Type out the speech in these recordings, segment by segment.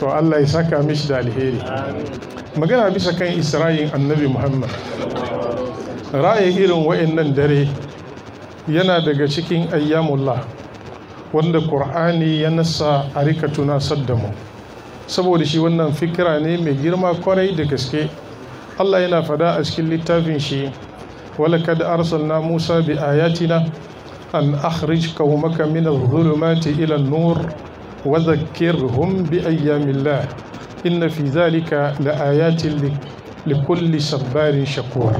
to Allah ya saka mishi da alheri magana bisa kan isra'in annabi muhammad ra'ayin irin wa'annan dare yana daga cikin ayyamullah wanda ƙur'ani ya nasa a rika tunasar da mu saboda shi wannan fikira ne mai girma kwarai da gaske allah yana fada a cikin littafin shi walakad arsalna musa bi ayatina an akhrij qaumaka min adh-dhulumati ila an-nur وذكرهم بأيام الله إن في ذلك لآيات لكل صبار شكور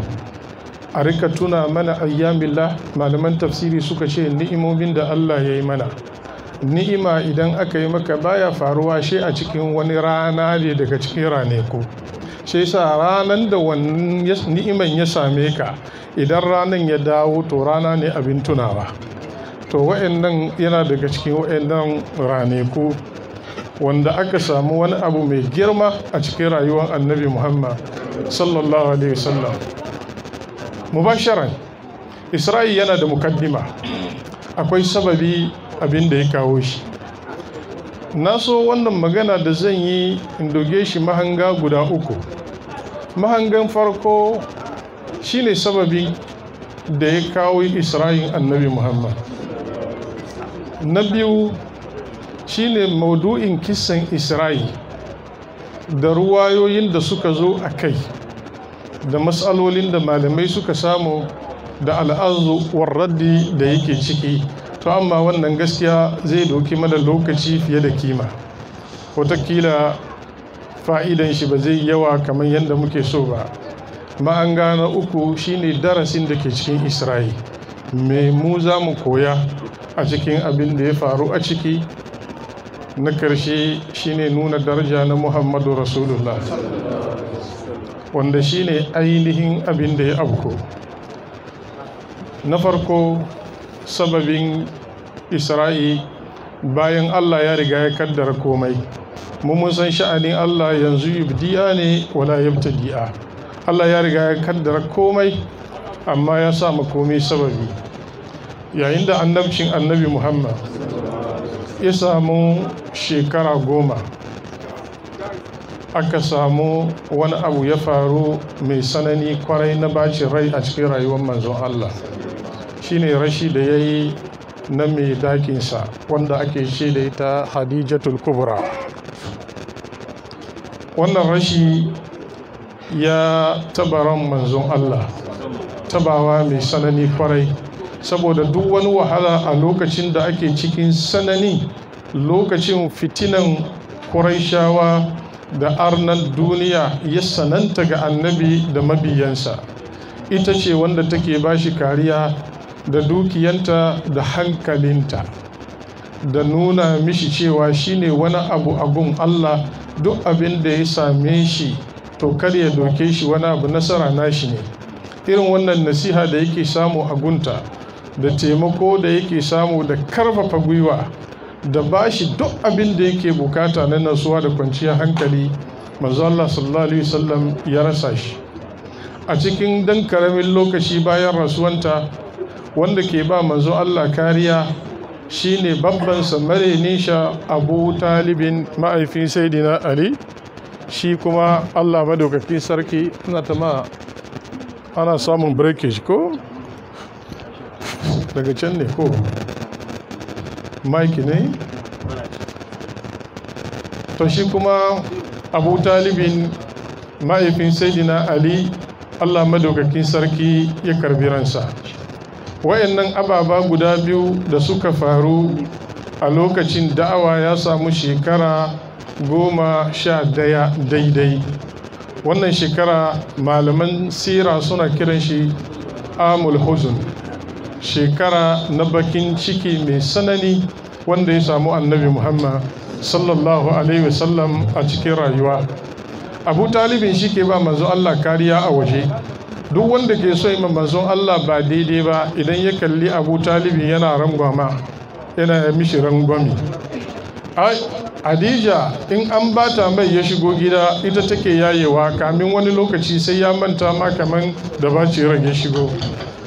a rika tuna mana ayyamillah malaman tafsiri suka ce ni'imomin da Allah ya yi mana ni'ima idan aka yi maka baya faruwa shi a cikin wani rana ne daga cikin raneku Sai sa ranan da wannan ni'iman ya same ka idan ranan ya dawo to rana ne abin tunawa to wa'annan yana daga cikin wa'annan raneku wanda aka samu wani abu mai girma a cikin rayuwar annabi muhammad sallallahu alaihi wasallam mubasharan isra'i yana da mukaddima akwai sababi abin da ya kawo shi na so wannan magana da zan yi in doge shi mahanga guda uku mahangan farko shine sababin da ya kawo isra'in annabi muhammad na biyu shine maudu'in kisan isra'i da ruwayoyin da suka zo a kai da matsalolin da malamai suka samu da al'azu warraddi da yake ciki to amma wannan gaskiya zai doki mana lokaci fiye da kima watakila fa'idan shi ba zai yawa kamar yadda muke so ba ma'an gane uku shine darasin da ke cikin isra'i me mu za mu koya a cikin abin da ya faru a ciki na ƙarshe shine nuna daraja na muhammadu rasulullah wanda shine ainihin abin da ya abko na farko sababin isra'i bayan allah ya riga ya kaddara komai mun san sha'anin allah yanzu ibdiya ne wala di'a allah ya riga ya kaddara komai amma ya sa komai sababi yayin da annabcin annabi muhammad ya samu shekara goma aka samu wani abu ya faru mai tsanani kwarai na bacin rai a cikin rayuwar manzon allah shine rashi da ya yi na mai dakinsa wanda ake ce da ita hadijatul kubra wannan rashi ya tabaran manzon allah tabawa mai sanani kwarai saboda duk wani wahala a lokacin da ake cikin sanani lokacin fitinan kuraishawa da arnan duniya ya sananta ga annabi da mabiyansa ita ce wanda take ba shi kariya da dukiyanta da hankalinta da nuna mishi cewa shine wani abu abun Allah duk abin da ya same shi to kar ya doke shi wani abu nasara nashi ne irin wannan nasiha da yake samu a gunta da taimako da yake samu da karfafa gwiwa da bashi duk abin da yake bukata na nasuwa da kwanciyar hankali manzo Allah sallallahu alaihi wasallam ya rasa shi a cikin dan karamin lokaci bayan rasuwanta wanda ke ba manzo Allah kariya shine babban samare nisha Abu Talibin ma'aifin Sayyidina Ali shi kuma Allah madaukaki sarki na ta ma ana samun breakage ko daga can ne ko mike ne to shi kuma abu talibin mahaifin saidina ali allah madaukakin sarki ya karbi ransa wayannan ababa guda biyu da suka faru a lokacin da'awa ya samu shekara goma sha daya daidai wannan shekara malaman sira suna kiran shi amul huzun shekara na bakin ciki mai sanani wanda ya samu annabi muhammad sallallahu alaihi wasallam a cikin rayuwa abu talibin shi ke ba manzon allah kariya a waje duk wanda ke so ma manzo allah ba daidai ba idan ya kalli abu talibin yana rangwama yana mishi rangwami adija in an ba ta mai ya shigo gida ita take yayewa kamin wani lokaci sai ya manta ma kaman da ba ran ya shigo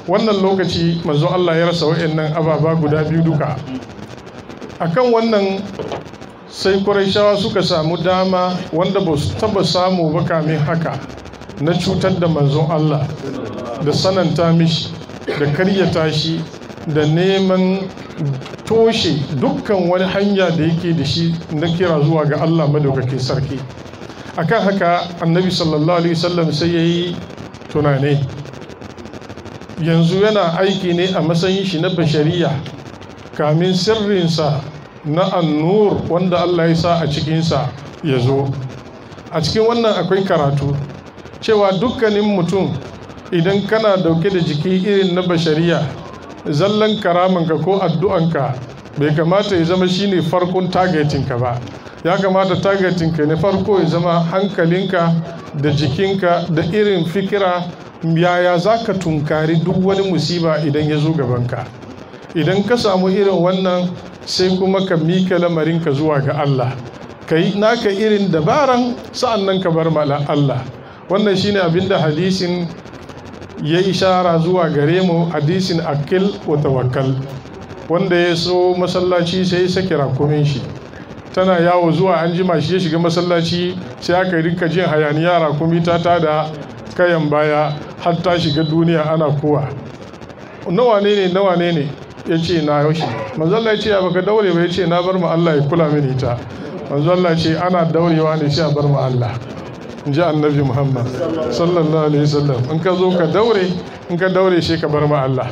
wannan lokaci manzo Allah ya rasa wa'annan ababa guda biyu duka akan wannan sai shawa suka samu dama wanda ba su taba samu ba kamin haka na cutar da manzon Allah da sananta mishi da karyata shi da neman toshe dukkan wani hanya da yake da shi na kira zuwa ga Allah madaukakin sarki akan haka annabi sallallahu alaihi wasallam sai yayi tunane yanzu yana aiki ne a matsayin shi na bashariya kamin sirrinsa na annur wanda Allah ya sa a cikinsa ya zo a cikin wannan akwai karatu cewa dukkanin mutum idan kana dauke da jiki irin na bashariya zallan karamanka ko addu'anka bai kamata ya zama shine farkon targetinka ba ya kamata targetinka ne farko ya zama hankalinka da jikinka da irin fikira yaya za ka tunkari duk wani musiba idan ya zo gabanka idan ka samu irin wannan sai kuma ka mika lamarinka zuwa ga Allah ka yi naka irin dabaran sa'annan ka bar mala Allah wannan shine abinda hadisin ya ishara zuwa gare mu hadisin akil wa tawakkal wanda ya so masallaci sai ya saki rakumin shi tana yawo zuwa an jima shi ya shiga masallaci sai aka rika jin hayaniya rakumi ta tada kayan baya har ta shiga duniya ana kowa nawa ne ne nawa ne ne ya ce na yaushe manzalla ya ce ya baka daure ba ya ce na bar mu Allah ya kula mini ta manzalla ce ana daurewa ne sai a bar mu Allah in ji annabi muhammad sallallahu alaihi wasallam in ka zo ka daure in ka daure shi ka bar ma Allah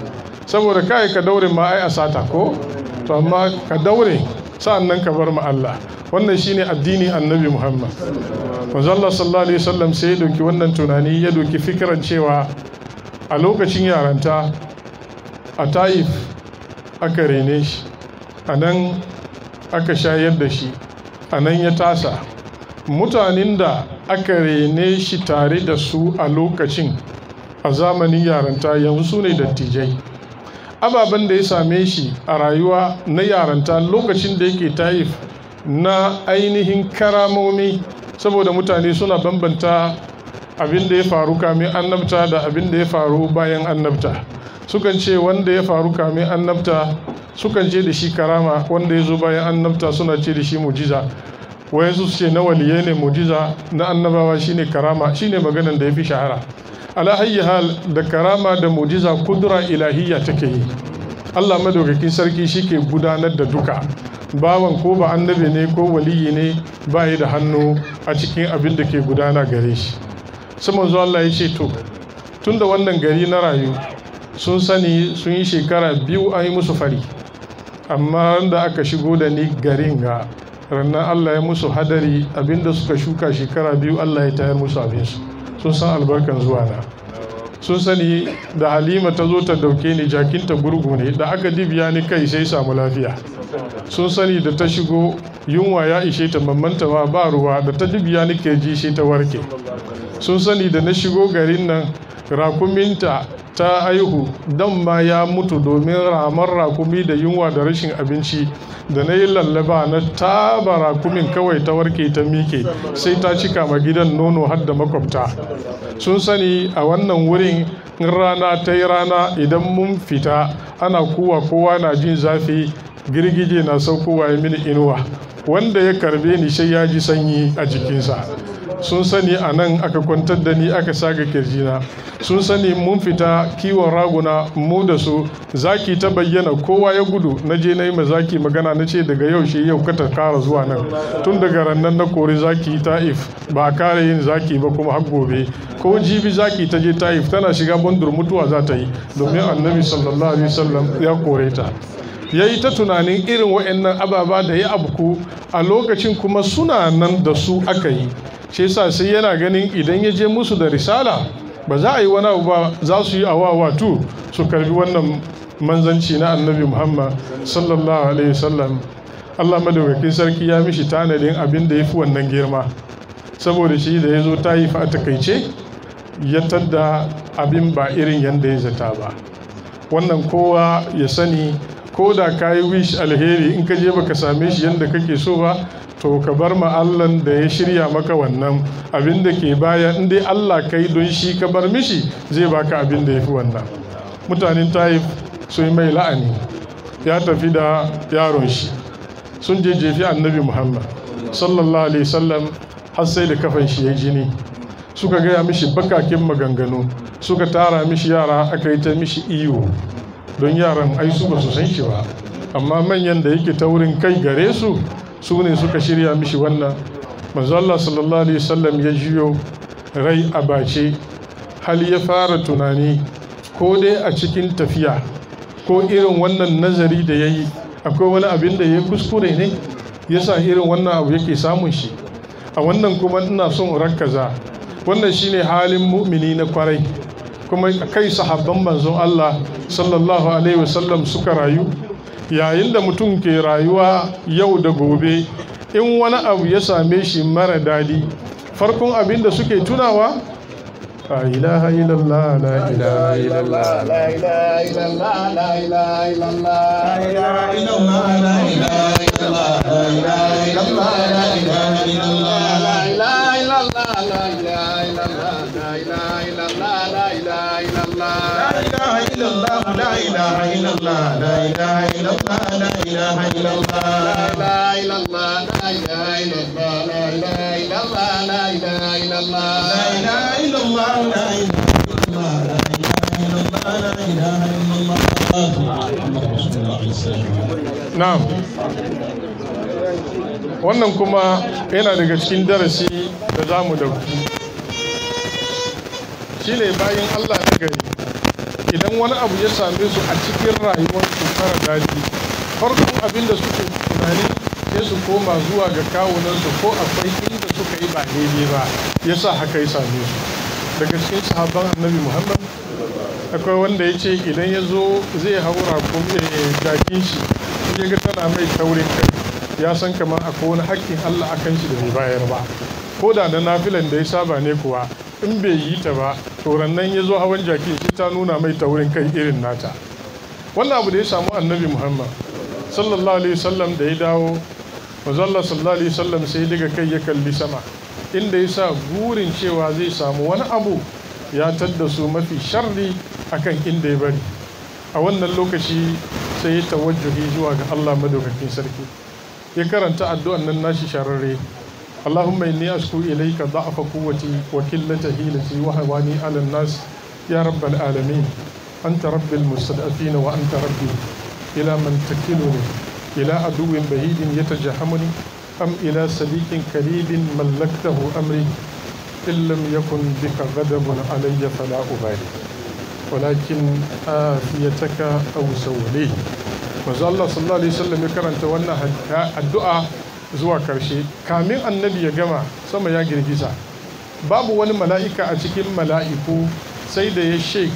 saboda kai ka daure ma ai a sata ko to amma ka daure sa'annan ka bar ma Allah wannan shine addini annabi muhammad manzo Allah sallallahu alaihi wasallam sai ya doki wannan tunani ya doki fikiran cewa a lokacin yaranta a taif aka rene shi a nan aka shayar da shi a nan ya tasa mutanen da aka rene shi tare da su a lokacin a zamanin yaranta yanzu su ne dattijai ababen da ya same shi a rayuwa na yaranta lokacin da yake taif na ainihin karamomi saboda mutane suna bambanta abin da ya faru kamin annabta da abin da ya faru bayan annabta sukan ce wanda ya faru kamin annabta sukan ce da shi karama wanda ya zo bayan annabta suna ce da shi mujiza Wa su ce na waliye ne mujiza na annabawa shine karama shine maganan da ya fi shahara ala hayyi hal da karama da mujiza kudura ilahiyya take yi Allah madaukakin sarki shike gudanar da duka bawan ko ba annabi ne ko Waliyyi ne ba da hannu a cikin abin da ke gudana gare shi sai manzo Allah ya ce to tunda wannan gari na rayu sun sani sun yi shekara biyu an yi musu fari amma da aka shigo da ni garin ga rannan Allah ya musu hadari abinda suka shuka shekara biyu Allah ya tayar musu abinsu sun san albarkan zuwa na sun sani da halima ta zo ta dauke ni jakinta gurgu ne da aka dibiya ni kai sai samu lafiya sun sani da ta shigo yunwa ya ishe ta mamanta ba ruwa da ta dibiya ni ke ji shi ta warke sun sani da na shigo garin nan rakuminta ta aihu dan ma ya mutu domin ramar rakumi da yunwa da rashin abinci da na yi lallaba na taba rakumin kawai ta warke ta mike sai ta cika ma gidan nono har da makwabta sun sani a wannan wurin rana ta yi rana idan mun fita ana kowa kowa na jin zafi girgije na saukowa ya mini inuwa wanda ya karbe ni sai ya ji sanyi a jikinsa sun sani a nan aka kwantar da ni aka saga kirjina sun sani mun fita kiwon raguna mu da su zaki ta bayyana kowa ya gudu na je na yi ma zaki magana na ce daga yau shi yau ka kara zuwa nan tun daga rannan na kori zaki ta if ba a kara yin zaki ba kuma har gobe ko jibi zaki ta je ta if tana shiga bandur mutuwa za ta yi domin annabi sallallahu alaihi wasallam ya kore ta ya yi ta tunanin irin waɗannan ababa da ya abku a lokacin kuma suna nan da su aka yi shi yasa sai yana ganin idan ya je musu da risala ba za a yi wani abu ba za su yi awa watu su karbi wannan manzanci na annabi muhammad sallallahu alaihi wasallam allah madaukakin sarki ya mishi tanadin abin da ya fi wannan girma saboda shi da ya zo ta yi fa'a a takaice ya tadda abin ba irin yadda ya zata ba wannan kowa ya sani ko da ka yi wish alheri in ka je baka same shi yadda kake so ba to ka bar ma Allahn da ya shirya maka wannan abin da ke baya in dai Allah kai don shi ka bar mishi zai baka abin da ya fi wannan mutanen taif sun mai la'ani ya tafi da yaron shi sun je jefi annabi muhammad sallallahu alaihi sallam har sai da kafan shi ya jini suka gaya mishi bakakin maganganu suka tara mishi yara aka yi ta mishi iyo don yaran ai su ba su san shi ba amma manyan da yake taurin kai gare su su ne suka shirya mishi wannan manzo sallallahu alaihi wasallam ya jiyo rai a bace hal ya fara tunani ko dai a cikin tafiya ko irin wannan nazari da ya yi akwai wani abin da ya kuskure ne Ya sa irin wannan abu yake samun shi a wannan kuma ina son rakaza. wannan shine halin mu'mini na kwarai kuma kai sahabban manzon Allah sallallahu alaihi wasallam suka rayu yayin da mutum ke rayuwa yau da gobe in wani abu ya same shi mara dadi, farkon abin da suke tunawa la ilaha illallah la ilaha illallah la ilaha illallah la ilaha illallah la ilaha illallah la ilaha illallah la ilaha illallah la ilaha illallah la ilaha illallah la ilaha illallah la ilaha illallah la ilaha illallah Na'am. Wannan kuma yana daga cikin darasi da zamu dauki. shine bayan Allah na gari idan wani abu ya same su a cikin rayuwar su fara daji farkon abin da suke tunani sai su koma zuwa ga kawunansu ko akwai inda suka yi ba daidai ba ya sa haka ya same su daga cikin sahabban annabi muhammad akwai wanda ya ce idan ya zo zai haura ko eh, eh, jakin shi ya ga tana mai taurin kai ya san kamar akwai wani hakkin allah akan shi da bai bayar ba ko da na nafilan da ya saba ne kuwa in bai yi ta ba to nan ya zo hawan jaki shi ta nuna mai taurin kai irin nata wannan abu da ya samu annabi muhammad sallallahu alaihi wasallam da ya dawo mazalla sallallahu alaihi wasallam sai daga kai ya kalli sama inda ya sa gurin cewa zai samu wani abu ya tadda su mafi sharri akan inda ya bari a wannan lokaci sai ya tawajjuhi zuwa ga Allah madaukakin sarki ya karanta addu'an nan nashi shararre اللهم إني أشكو إليك ضعف قوتي وكلة هيلتي وهواني على الناس يا رب العالمين أنت رب المستضعفين وأنت ربي إلى من تكلني إلى عدو بعيد يتجهمني أم إلى صديق قريب ملكته أمري إن لم يكن بك غضب علي فلا أبالي ولكن آفيتك أوسولي manzo Allah sallallahu alaihi wasallam ya karanta wannan addu'a zuwa ƙarshe, kamin annabi ya gama sama ya girgiza babu wani mala'ika a cikin mala'iku sai da ya shek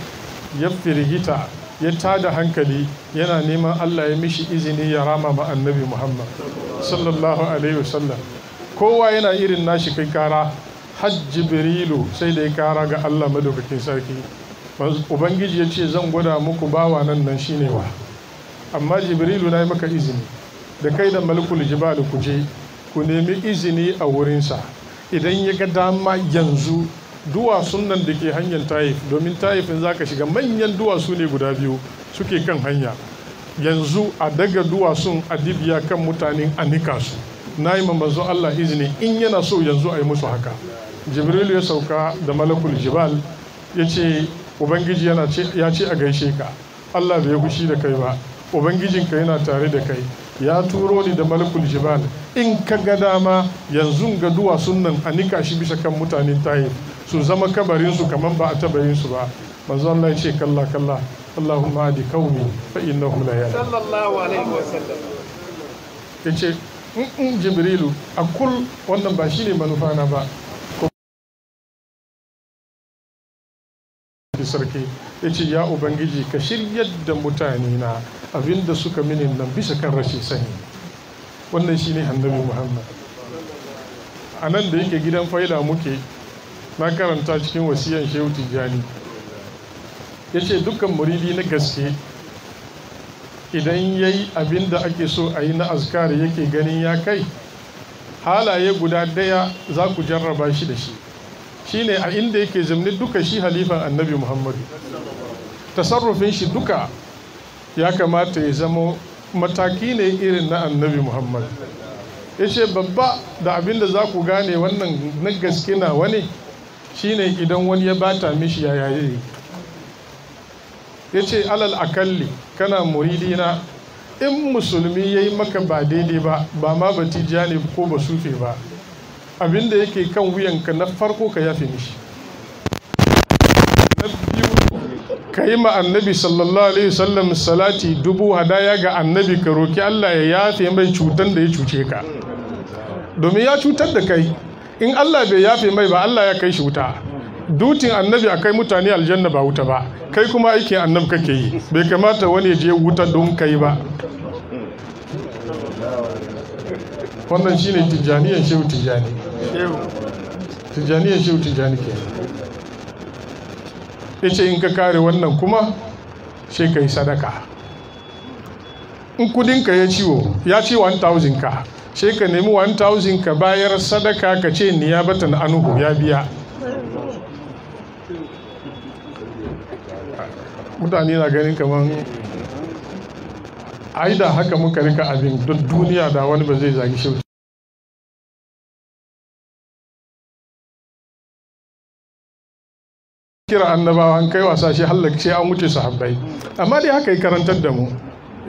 ya firgita ya tada hankali yana neman Allah ya mishi izini ya rama ma annabi Muhammad sallallahu alaihi wasallam kowa yana irin nashi kai kara har jibrilu sai da ya kara ga Allah madaukakin sarki ubangiji ya ce zan gwada muku bawa nan nan shine wa amma jibrilu na yi maka izini da kai da malikul jibal ku je ku nemi izini a wurinsa idan ya ga dama yanzu duwatsun nan da ke hanyar Taif domin Taifin za ka shiga manyan duwatsu ne guda biyu suke kan hanya yanzu a daga duwatsun a dibiya kan mutanen anika su na yi manzo Allah izini in yana so yanzu a yi musu haka jibril ya sauka da malakul jibal ya ce ubangiji ya ce a gaishe ka Allah bai fushi da kai ba ubangijinka yana tare da kai ya turo ni da malakul jibal in ka ga dama yanzu ga duwatsun nan a nika shi bisa kan mutanen yi su zama kabarinsu kamar ba a taba yin su ba manzo Allah ya ce kalla kalla Allahumma adi qaumi fa innahum la ya sallallahu alaihi wa sallam yace in mm, mm, jibrilu akul wannan ba shine manufa na ba sarki ya ce ya ubangiji ka shiryar da mutane na abinda suka mini nan bisa kan rashin sani wannan shi ne annabi muhammad a nan da yake gidan faida muke na karanta cikin wasiyan shehu tijjani ya ce dukkan muridi na gaske idan ya yi abin da ake so a yi na azkari yake ganin ya kai halaye guda daya za ku jarraba shi da shi shine a inda yake zimni duka shi halifan annabi muhammadu tasarrufin shi duka ya kamata ya zama mataki ne irin na annabi muhammadu ya ce babba da abin da za ku gane wannan na gaske na wani shine idan wani ya bata mishi ya yaye ya ce alal akalli kana muridina in musulmi ya yi maka ba daidai ba ba ma batija ne ko ba sufe ba abin da yake kan wuyanka na farko ka yafe mishi na biyu ka yi ma annabi sallallahu alaihi wasallam salati dubu hadaya ga annabi ka roki Allah ya yafe mai cutar da ya cuce ka domin ya cutar da kai in Allah bai yafe mai ba Allah ya kai shi wuta dutin annabi kai mutane aljanna ba wuta ba kai kuma aikin annabi kake yi bai kamata wani ya je wuta don kai ba wannan shine tijjaniyan shehu tijjani tijjani ya shehu tijjani ke ya ce in ka kare wannan kuma sai ka yi sadaka in kudinka ya ciwo ya ce 1000 ka sai ka nemi 1000 ka bayar sadaka ka ce batan anuhu ya biya mutane na ganin kamar ai da haka muka rika abin duk duniya da wani ba zai zagi shi kira annabawan kai wasa shi halarci an wuce sahabbai amma dai haka yi karantar da mu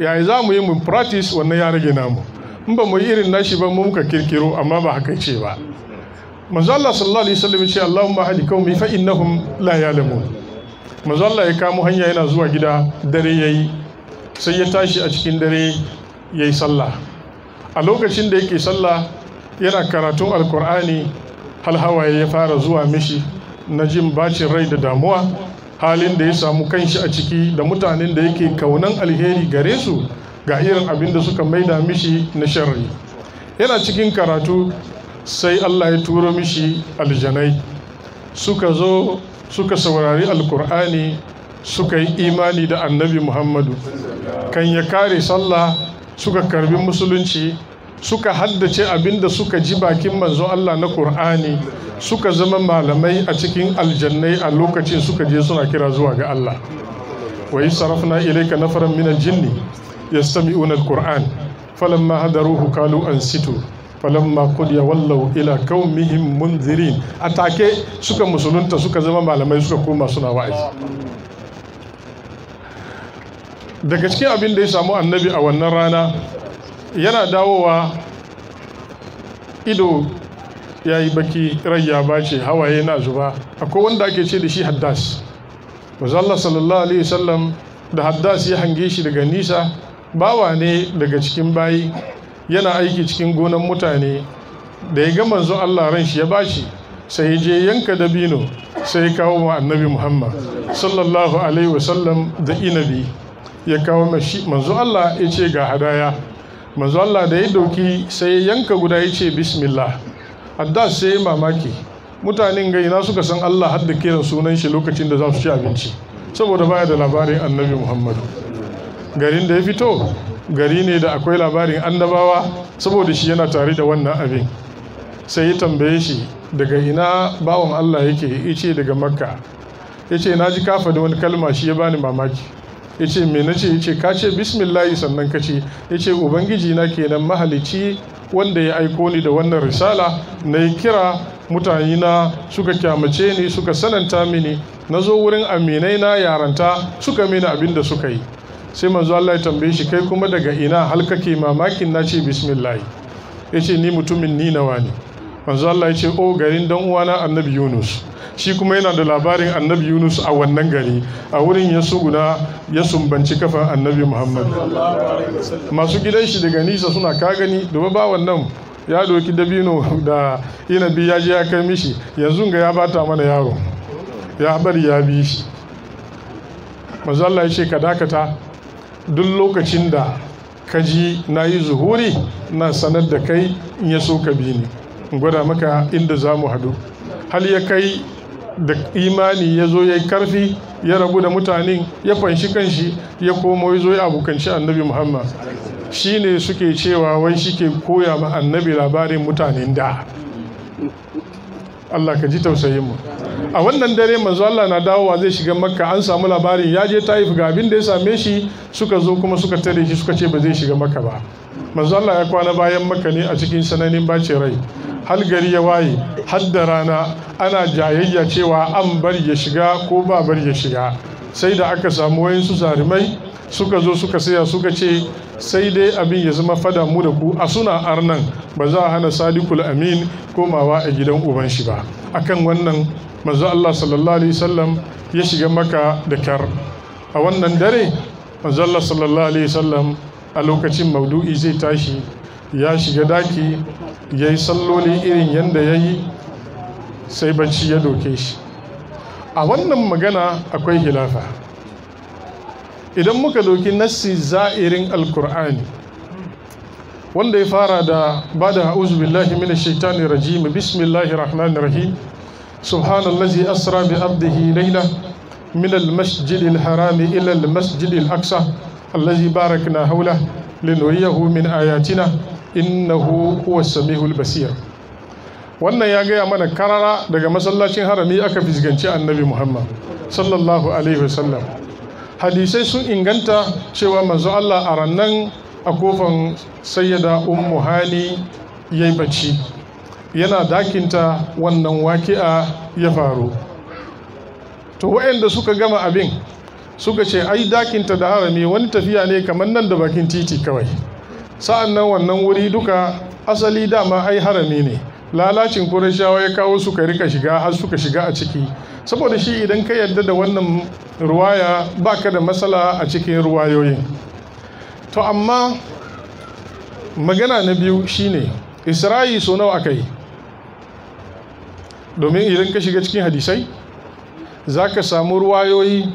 yayi za mu yi mu practice wannan ya rage namu in ba mu yi irin nashi ba mu muka kirkiro amma ba haka ce ba manzo Allah sallallahu alaihi wasallam ce Allahumma hadi qaumi fa innahum la ya'lamun manzo Allah ya kamo hanya yana zuwa gida dare yayi sai ya tashi a cikin dare yayi sallah a lokacin da yake sallah yana karatun alkur'ani hal hawaye ya fara zuwa mishi na jin bacin rai da damuwa halin da ya samu kanshi a ciki da mutanen da yake kaunan alheri gare su ga irin abin da suka maida mishi na sharri yana cikin karatu sai Allah ya turo mishi aljanai suka zo suka saurari alkur'ani suka yi imani da annabi muhammadu kan ya kare sallah suka karbi musulunci suka haddace abin da suka ji bakin manzo Allah na kur'ani suka zama malamai a cikin aljannai a lokacin suka je suna kira zuwa ga Allah wa yi sarafna ilaika nafaran min aljinni yastami'una alquran falamma hadaruhu qalu ansitu falamma ya wallau ila qaumihim munzirin take suka musulunta suka zama malamai suka koma suna wa'azi daga cikin abin da ya samu annabi a wannan rana yana dawowa ido ya yi baki rayya ba ce hawaye na zuba akwai wanda ake ce da shi haddas Allah sallallahu alaihi wasallam da haddas ya hange shi daga nisa bawa ne daga cikin bayi yana aiki cikin gonan mutane da ya ga manzon Allah ran shi ya bashi sai je yanka dabino sai ya kawo wa annabi Muhammad sallallahu alaihi wasallam da inabi ya kawo mashi manzo Allah ya ce ga hadaya manzo Allah da ya dauki sai ya yanka guda ya ce bismillah adda sai yi mamaki mutanen gai na suka san Allah hadda kiran sunan shi lokacin da za su ci abinci saboda baya da labarin annabi Muhammadu garin da ya fito gari ne da akwai labarin annabawa saboda shi yana tare da wannan abin sai ya tambaye shi daga ina bawan Allah yake ya daga makka ya ce na ji kafa da wani kalma shi ya bani mamaki ya ce me na ce ya ce ka ce bismillahi sannan ka ce ya ce ubangiji na kenan mahalici wanda ya aiko ni da wannan risala na yi kira mutane na suka kyamace ni suka sananta mini na zo wurin aminai na yaranta suka mini abin da suka yi sai manzo Allah ya tambaye shi kai kuma daga ina halkake mamakin na ce bismillah ya ce ni mutumin ninawa ne manzo Allah ya ce o garin dan uwana annabi Yunus shi kuma yana da labarin annabi Yunus a wannan gari a wurin ya guda ya sumbanci kafan annabi Muhammad masu gidan shi daga nisa suna ka gani da ba wannan ya doki dabino da inabi ya je ya kai mishi yanzu ga ya bata mana yaro ya bari ya bi shi manzo Allah ya ce ka dakata duk lokacin da ka ji na yi zuhuri na sanar da kai in ya so ka bi ni gwada maka inda za mu hadu hal ya kai da imani ya zo ya yi karfi ya rabu da mutanen ya fanshi kanshi ya komo ya zo ya abokanci annabi muhammad shi ne suke cewa wai shi ke koya ma annabi labarin mutanen da Allah ka ji tausayin mu a wannan dare manzo Allah na dawowa zai shiga makka an samu labarin ya je taif ga abin da ya same shi suka zo kuma suka tare shi suka ce ba zai shiga makka ba mazalla ya kwana bayan maka ne a cikin sananin bace rai hal gari ya waye har da rana ana jayayya cewa an bar ya shiga ko ba bari ya shiga sai da aka samu wayansu zarimai suka zo suka saya suka ce sai dai abin ya zama fada mu da ku a suna arnan ba za a hana sadikul amin komawa a gidan uban shi ba akan wannan manzo sallallahu alaihi wasallam ya shiga maka da kar a wannan dare manzo sallallahu alaihi wasallam a lokacin maudu'i zai tashi ya shiga daki ya yi salloli irin yadda ya yi sai bacci ya doke shi a wannan magana akwai hilafa idan muka doki nassi za'irin alkur'ani wanda ya fara da ba da ha'uzu billahi mina shaitani rajim bismillahi rahmani rahim subhanallazi asra bi abdihi laila min almasjid harami, ila almasjid alaqsa barak na haula linuriyahu min ayatina innahu huwa samihul basir wannan ya gaya mana karara daga masallacin harami aka fisganci annabi muhammad sallallahu alaihi wasallam hadisai sun inganta cewa manzo allah a rannan a kofan sayyada ummu hani yayi bacci yana dakinta wannan waki'a ya faru to waɗanda suka gama abin suka ce ai dakinta da harami wani tafiya ne kamar nan da bakin titi kawai sa'an nan wannan wuri duka asali dama ai harami ne lalacin shawa ya kawo suka rika shiga har suka shiga a ciki saboda shi idan ka yarda da wannan ruwaya ka da matsala a cikin ruwayoyin to amma magana na biyu shine isra'i so nawa aka yi domin idan ka shiga cikin hadisai za ka samu ruwayoyi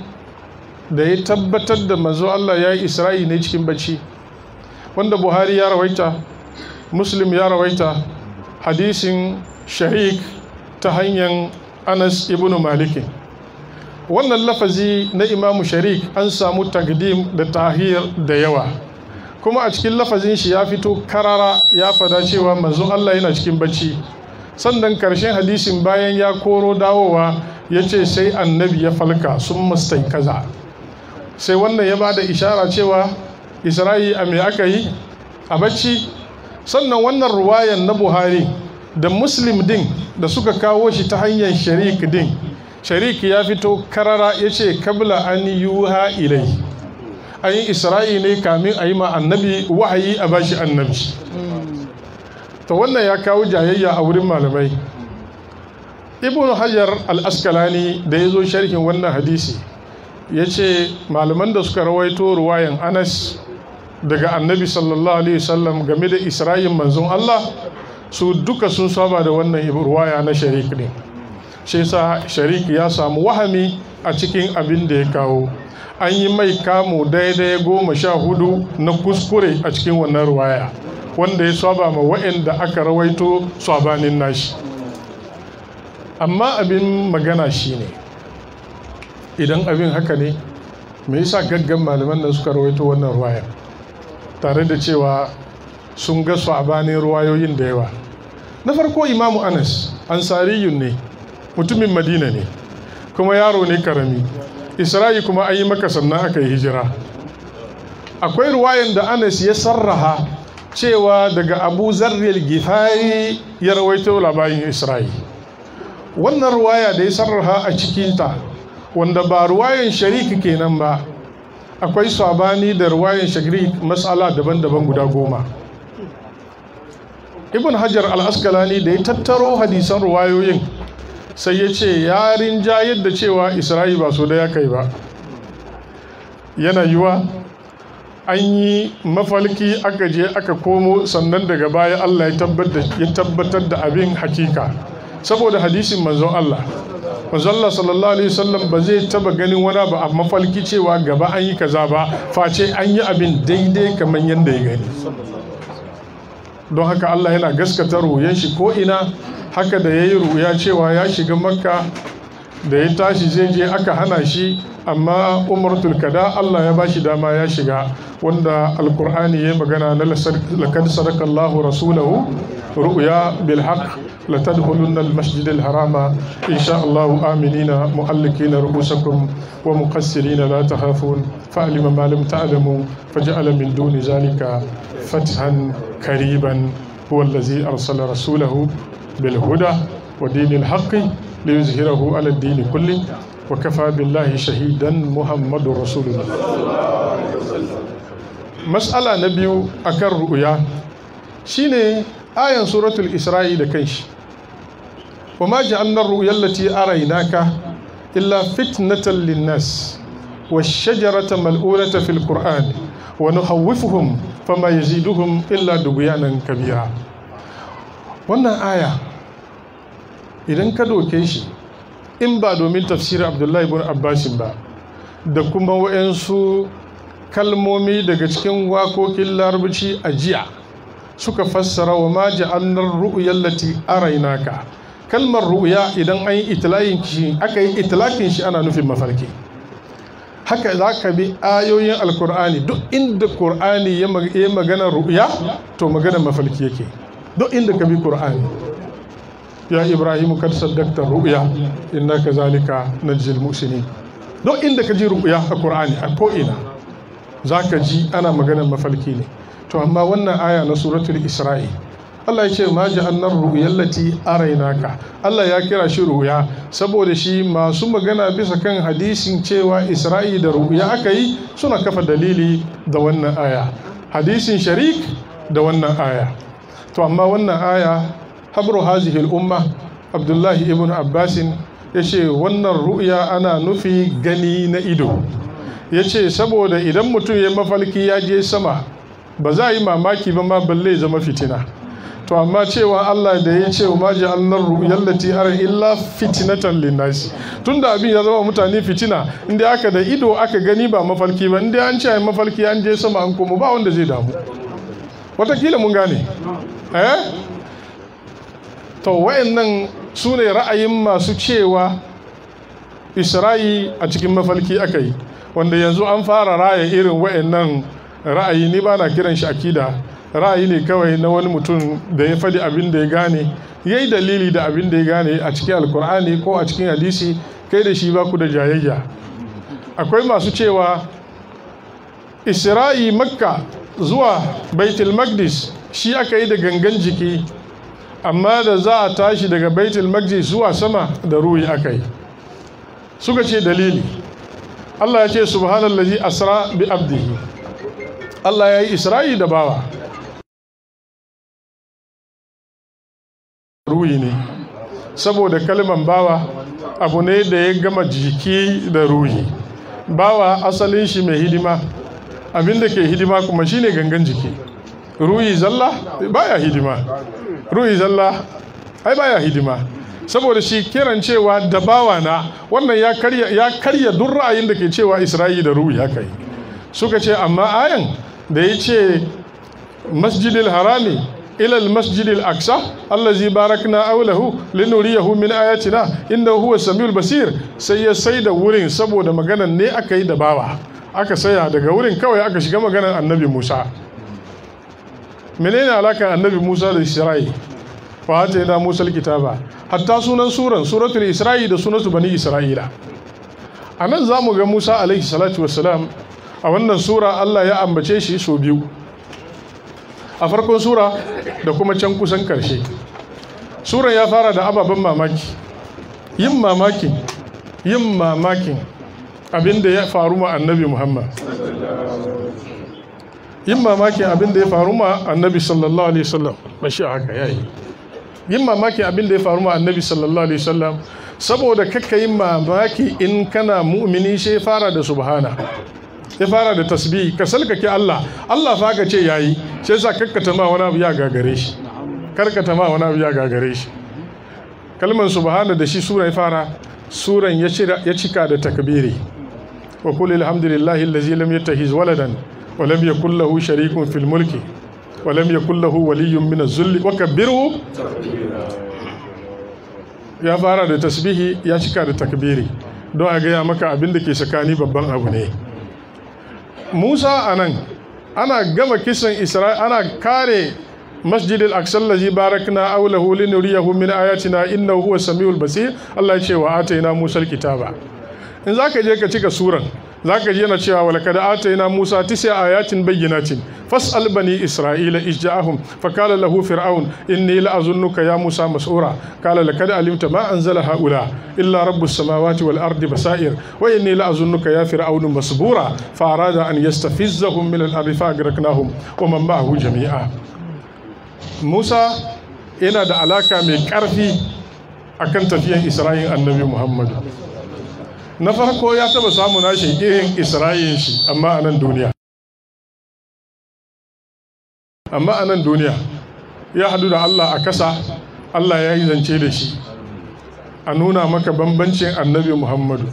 da ya tabbatar da manzo Allah ya yi isra'i ne cikin bacci wanda buhari ya rawaita muslim ya rawaita hadisin shahik ta hanyar anas ibn maliki wannan lafazi na imamu sharik an samu takdim da tahir da yawa kuma a cikin lafazin shi ya fito karara ya fada cewa mazo Allah yana cikin bacci sannan karshen hadisin bayan ya koro dawowa ya ce sai annabi ya falka sun mastai kaza sai wannan ya ba da ishara cewa isra'i a mai aka yi a bacci sannan wannan ruwayan na buhari da muslim din da suka kawo shi ta hanyar sharik din sharik ya fito karara ya ce kabla an yuha ilai an yi isra'i ne kamin a yi ma annabi wahayi a bashi annabi ta wannan ya kawo jayayya a wurin malamai ibn hajar al-askalani da ya zo sharhin wannan hadisi ya ce malaman da suka rawaito ruwayan anas daga annabi sallallahu alaihi wasallam game da isra'in manzon Allah su duka sun saba da wannan ruwaya na sharik ne shi sa sharik ya samu wahami a cikin abin da ya kawo an yi mai kamu daidai goma sha hudu na kuskure a cikin wannan ruwaya wanda ya saba ma wa'inda aka rawaito sabanin nashi amma abin magana shine ne idan abin haka ne me sa gaggan malaman nan suka rawaito wannan ruwayar tare da cewa sun ga bane ruwayoyin da yawa na farko imamu anas ansariyun ne mutumin madina ne kuma yaro ne karami isra'i kuma an yi maka sannan aka yi hijira akwai ruwayan da anas ya sarraha cewa daga abu zarriyar gifari ya rawaito labarin isra'i wannan ruwaya da ya sarraha a cikinta wanda ba ruwayan shariki kenan ba akwai sabani da ruwayan sharik matsala daban-daban guda goma ibn hajar al-askalani da ya tattaro hadisan ruwayoyin sai ya ce yarin jayar da cewa isra'i ba so da ya kai ba yana yiwa an yi mafalki aka je aka komo sannan daga baya allah ya tabbatar da abin hakika saboda hadisin manzon allah mazalla sallallahu alaihi wasallam ba zai taba ganin wani abu a mafalki cewa gaba an yi kaza ba face an yi abin daidai kamar yadda ya gani don haka Allah yana gaskata ruyan shi ko ina haka da yayi ruya cewa ya shiga makka da ya tashi zai je aka hana shi amma umaratul kada Allah ya bashi dama ya shiga wanda alkur'ani ya magana na lakad sadakallahu rasulahu ru'ya bil haqq لتدخلن المسجد الحرام إن شاء الله آمنين مؤلكين رؤوسكم ومقصرين لا تخافون فألم ما لم تعلموا فجعل من دون ذلك فتحا قريبا هو الذي أرسل رسوله بالهدى ودين الحق ليظهره على الدين كله وكفى بالله شهيدا محمد رسول الله مسألة نبي أكر رؤيا شيني ayan suratul isra'i da kanshi wa ma ja'alna ru'yal lati araynaka illa fitnatan linnas والشجرة ملؤونة في القرآن illa فما يزيدهم إلا دبيانا kabira. wannan aya idan ka doke shi in ba domin tafsirin abdullahi bin Abbas ba da kuma wa'yansu kalmomi daga cikin wakokin larabci a jiya suka fassara wa ma ja'alnar ru'uyar lati rainaka kalmar ru'uya idan an yi itilakin shi aka yi itilakin shi ana nufin mafarki haka za ka bi ayoyin alkur'ani duk inda kur'ani ya magana ru'uya to magana mafarki yake duk inda ka bi kur'ani ya ibrahimu kad saddaqta ka inna na jil musini duk inda ka ji ru'uya a kur'ani a ko'ina za ka ji ana maganar mafarki ne to amma wannan aya na suratul isra'i Allah ya ce ma ja'annar a rainaka Allah ya kira shi ru'ya saboda shi masu magana bisa kan hadisin cewa Isra'i da ru'ya aka yi suna kafa dalili da wannan aya hadisin sharik da wannan aya to amma wannan aya habru hazihi umma Abdullahi ibn Abbasin ya ce wannan ru'ya ana nufi gani na ido ya ce saboda idan mutum ya mafalki ya je sama ba za a yi mamaki ba ma balle zama fitina to amma cewa Allah da ya ce ma ji Allah yallati ara illa fitinatan linnasi tunda abin ya zama mutane fitina inda aka da ido aka gani ba mafalki ba inda an ce ai mafalki an je sama an komo ba wanda zai damu watakila mun gane eh to wayannan su ne ra'ayin masu cewa Isra'i a cikin mafalki aka yi wanda yanzu an fara raya irin wayannan ra'ayi ni ba na kiran shi akida ra'ayi ne kawai na wani mutum da ya fadi abin da ya gane ya yi dalili da abin da ya gane a cikin alkur'ani ko a cikin hadisi kai da shi ba ku da jayayya akwai masu cewa isra'i makka zuwa baitul maqdis shi aka yi da gangan jiki amma da za a tashi daga baitul maqdis zuwa sama da ruhi aka yi suka ce dalili Allah ya ce subhanallazi asra bi abdihi Allah ya yi isra'i da bawa ruhi ne saboda kalman bawa abu ne da ya gama jiki da ruhi bawa asalin shi mai hidima abinda ke hidima kuma shine gangan jiki ruhi zalla baya hidima ruhi zalla ai baya hidima saboda shi kiran cewa da bawa na wannan ya karya ya karya duk ra'ayin da ke cewa isra'i da ruhi haka yi suka ce amma ayan da ya ce masjidil harami ilal masjidil aksa allazi barakna aulahu linuriyahu min ayatina inda huwa samiul basir sai ya sai da wurin saboda maganan ne aka yi da bawa aka saya daga wurin kawai aka shiga maganan annabi musa menene alakan annabi musa da isra'i fa hata yana musa kitaba hatta sunan suran suratul isra'i da sunatu bani isra'ila anan zamu ga musa alaihi salatu wassalam a wannan sura Allah ya ambace shi sau biyu a farkon sura da kuma can kusan karshe suran ya fara da ababen mamaki yin mamaki yin mamakin abin da ya faru ma annabi muhammad yin mamakin abin da ya faru ma annabi sallallahu alaihi wasallam mashi haka yayi yin mamakin abin da ya faru ma annabi sallallahu alaihi wasallam saboda kakka yin mamaki in kana mu'mini sai fara da subhana ya fara da tasbihi ka salkake Allah Allah fa ka ce yayi sai sa karkata ma wani abu ya gagare shi karkata ma wani abu ya gagare shi kalmar subhana da shi sura ya fara suran ya cika da takbiri wa kulli alhamdulillahi allazi lam yattakhiz waladan wa lam yakul lahu sharikun fil mulki wa lam yakul lahu waliyyun min az-zulli wa kabbirhu ya fara da tasbihi ya cika da takbiri don a gaya maka abin da ke tsakani babban abu ne musa a nan ana gama kisan isra'il ana kare na al-aqsal na barakna na linuriyahu min na inna huwa samiul basir Allah ya ce wa ina musa kitaba in za ka je ka cika suran zaka ji yana cewa wala kad ataina musa tis'a ayatin bayyinatin fas'al bani isra'ila ijja'ahum fa lahu fir'aun inni la'azunnuka ya musa mas'ura qala laqad alimta ma anzala haula illa rabbus samawati wal ardi basair wa inni la'azunnuka ya fir'aun masbura fa arada an yastafizzahum min al ardi fa wa man ma'ahu jami'a musa yana da alaka mai karfi akan tafiyan isra'il annabi muhammadu na farko ya taba samu nashi gihin isra'in shi amma a nan duniya amma a nan duniya ya hadu da Allah a kasa Allah ya yi zance da shi a nuna maka bambancin annabi Muhammadu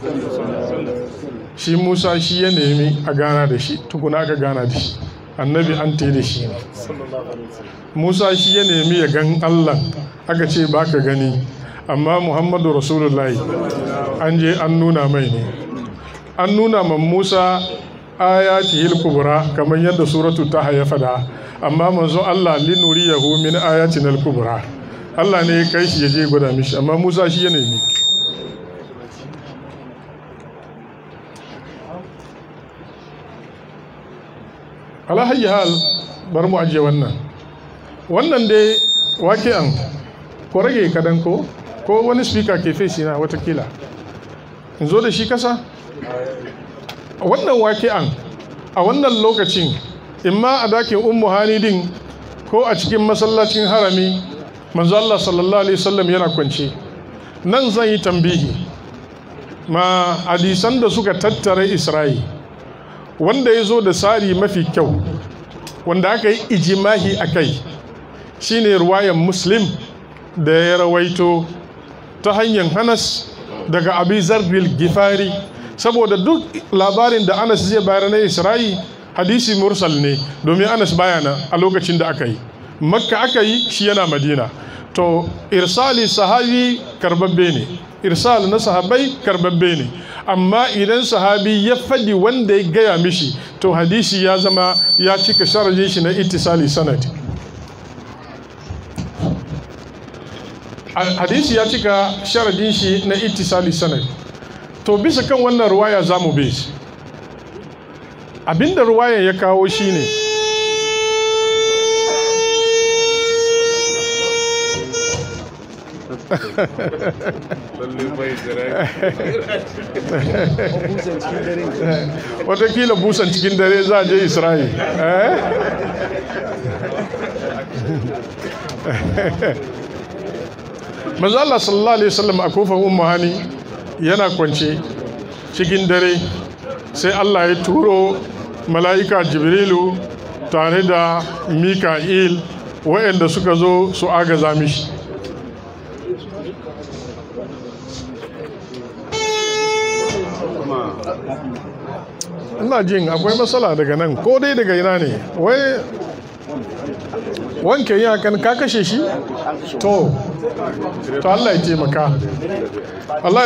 shi Musa shi ya nemi a gana da shi tukuna aka gana da shi annabi an te da shi Musa shi ya nemi ya gan Allah aka ce baka gani amma muhammadu rasulullahi an je an nuna mai ne an nuna man musa ayatihil kubra kamar yadda suratu ta haya fada amma manzo Allah yahu min ayatinal kubra Allah ne kai shi ya je gwada mishi amma musa shi ya nemi ala hal bar mu ajiye wannan wannan dai waki'an ko rage kadan ko ko wani speaker ke shi na watakila in zo da shi kasa a wannan waki'an a wannan lokacin imma a dakin ummu hanidin ko a cikin masallacin harami manzo Allah sallallahu alaihi wasallam yana kwance nan zan yi tambihi ma hadisan da suka tattara Isra'i wanda ya zo da tsari mafi kyau wanda aka yi ijimahi a kai shine ruwayan muslim da ya rawaito ta hanyar Hanas daga abizar Zarbil Gifari saboda duk labarin da Anas zai bayar na Isra'i hadisi mursal ne domin Anas baya nan a lokacin da aka yi Makka aka yi shi yana Madina to irsali sahabi karbabbe ne irsal na sahabai karbabbe ne amma idan sahabi ya fadi wanda ya gaya mishi to hadisi ya zama ya cika sharajin shi na ittisali sanadi hadisi ya cika sharadin shi na ittisali sanad to bisa kan wannan ruwaya za mu shi abinda ruwayan ya kawo shi ne watakila busan cikin dare za a je isra'il eh? manzo Allah sallallahu alaihi wasallam a kofar ummu hani yana kwance cikin dare sai Allah ya turo mala'ika jibrilu tare da mika'il waɗanda suka zo su agaza mishi ina jin akwai matsala daga nan ko dai daga ina ne wai wanke yi hakan ka kashe shi to to Allah ya taimaka Allah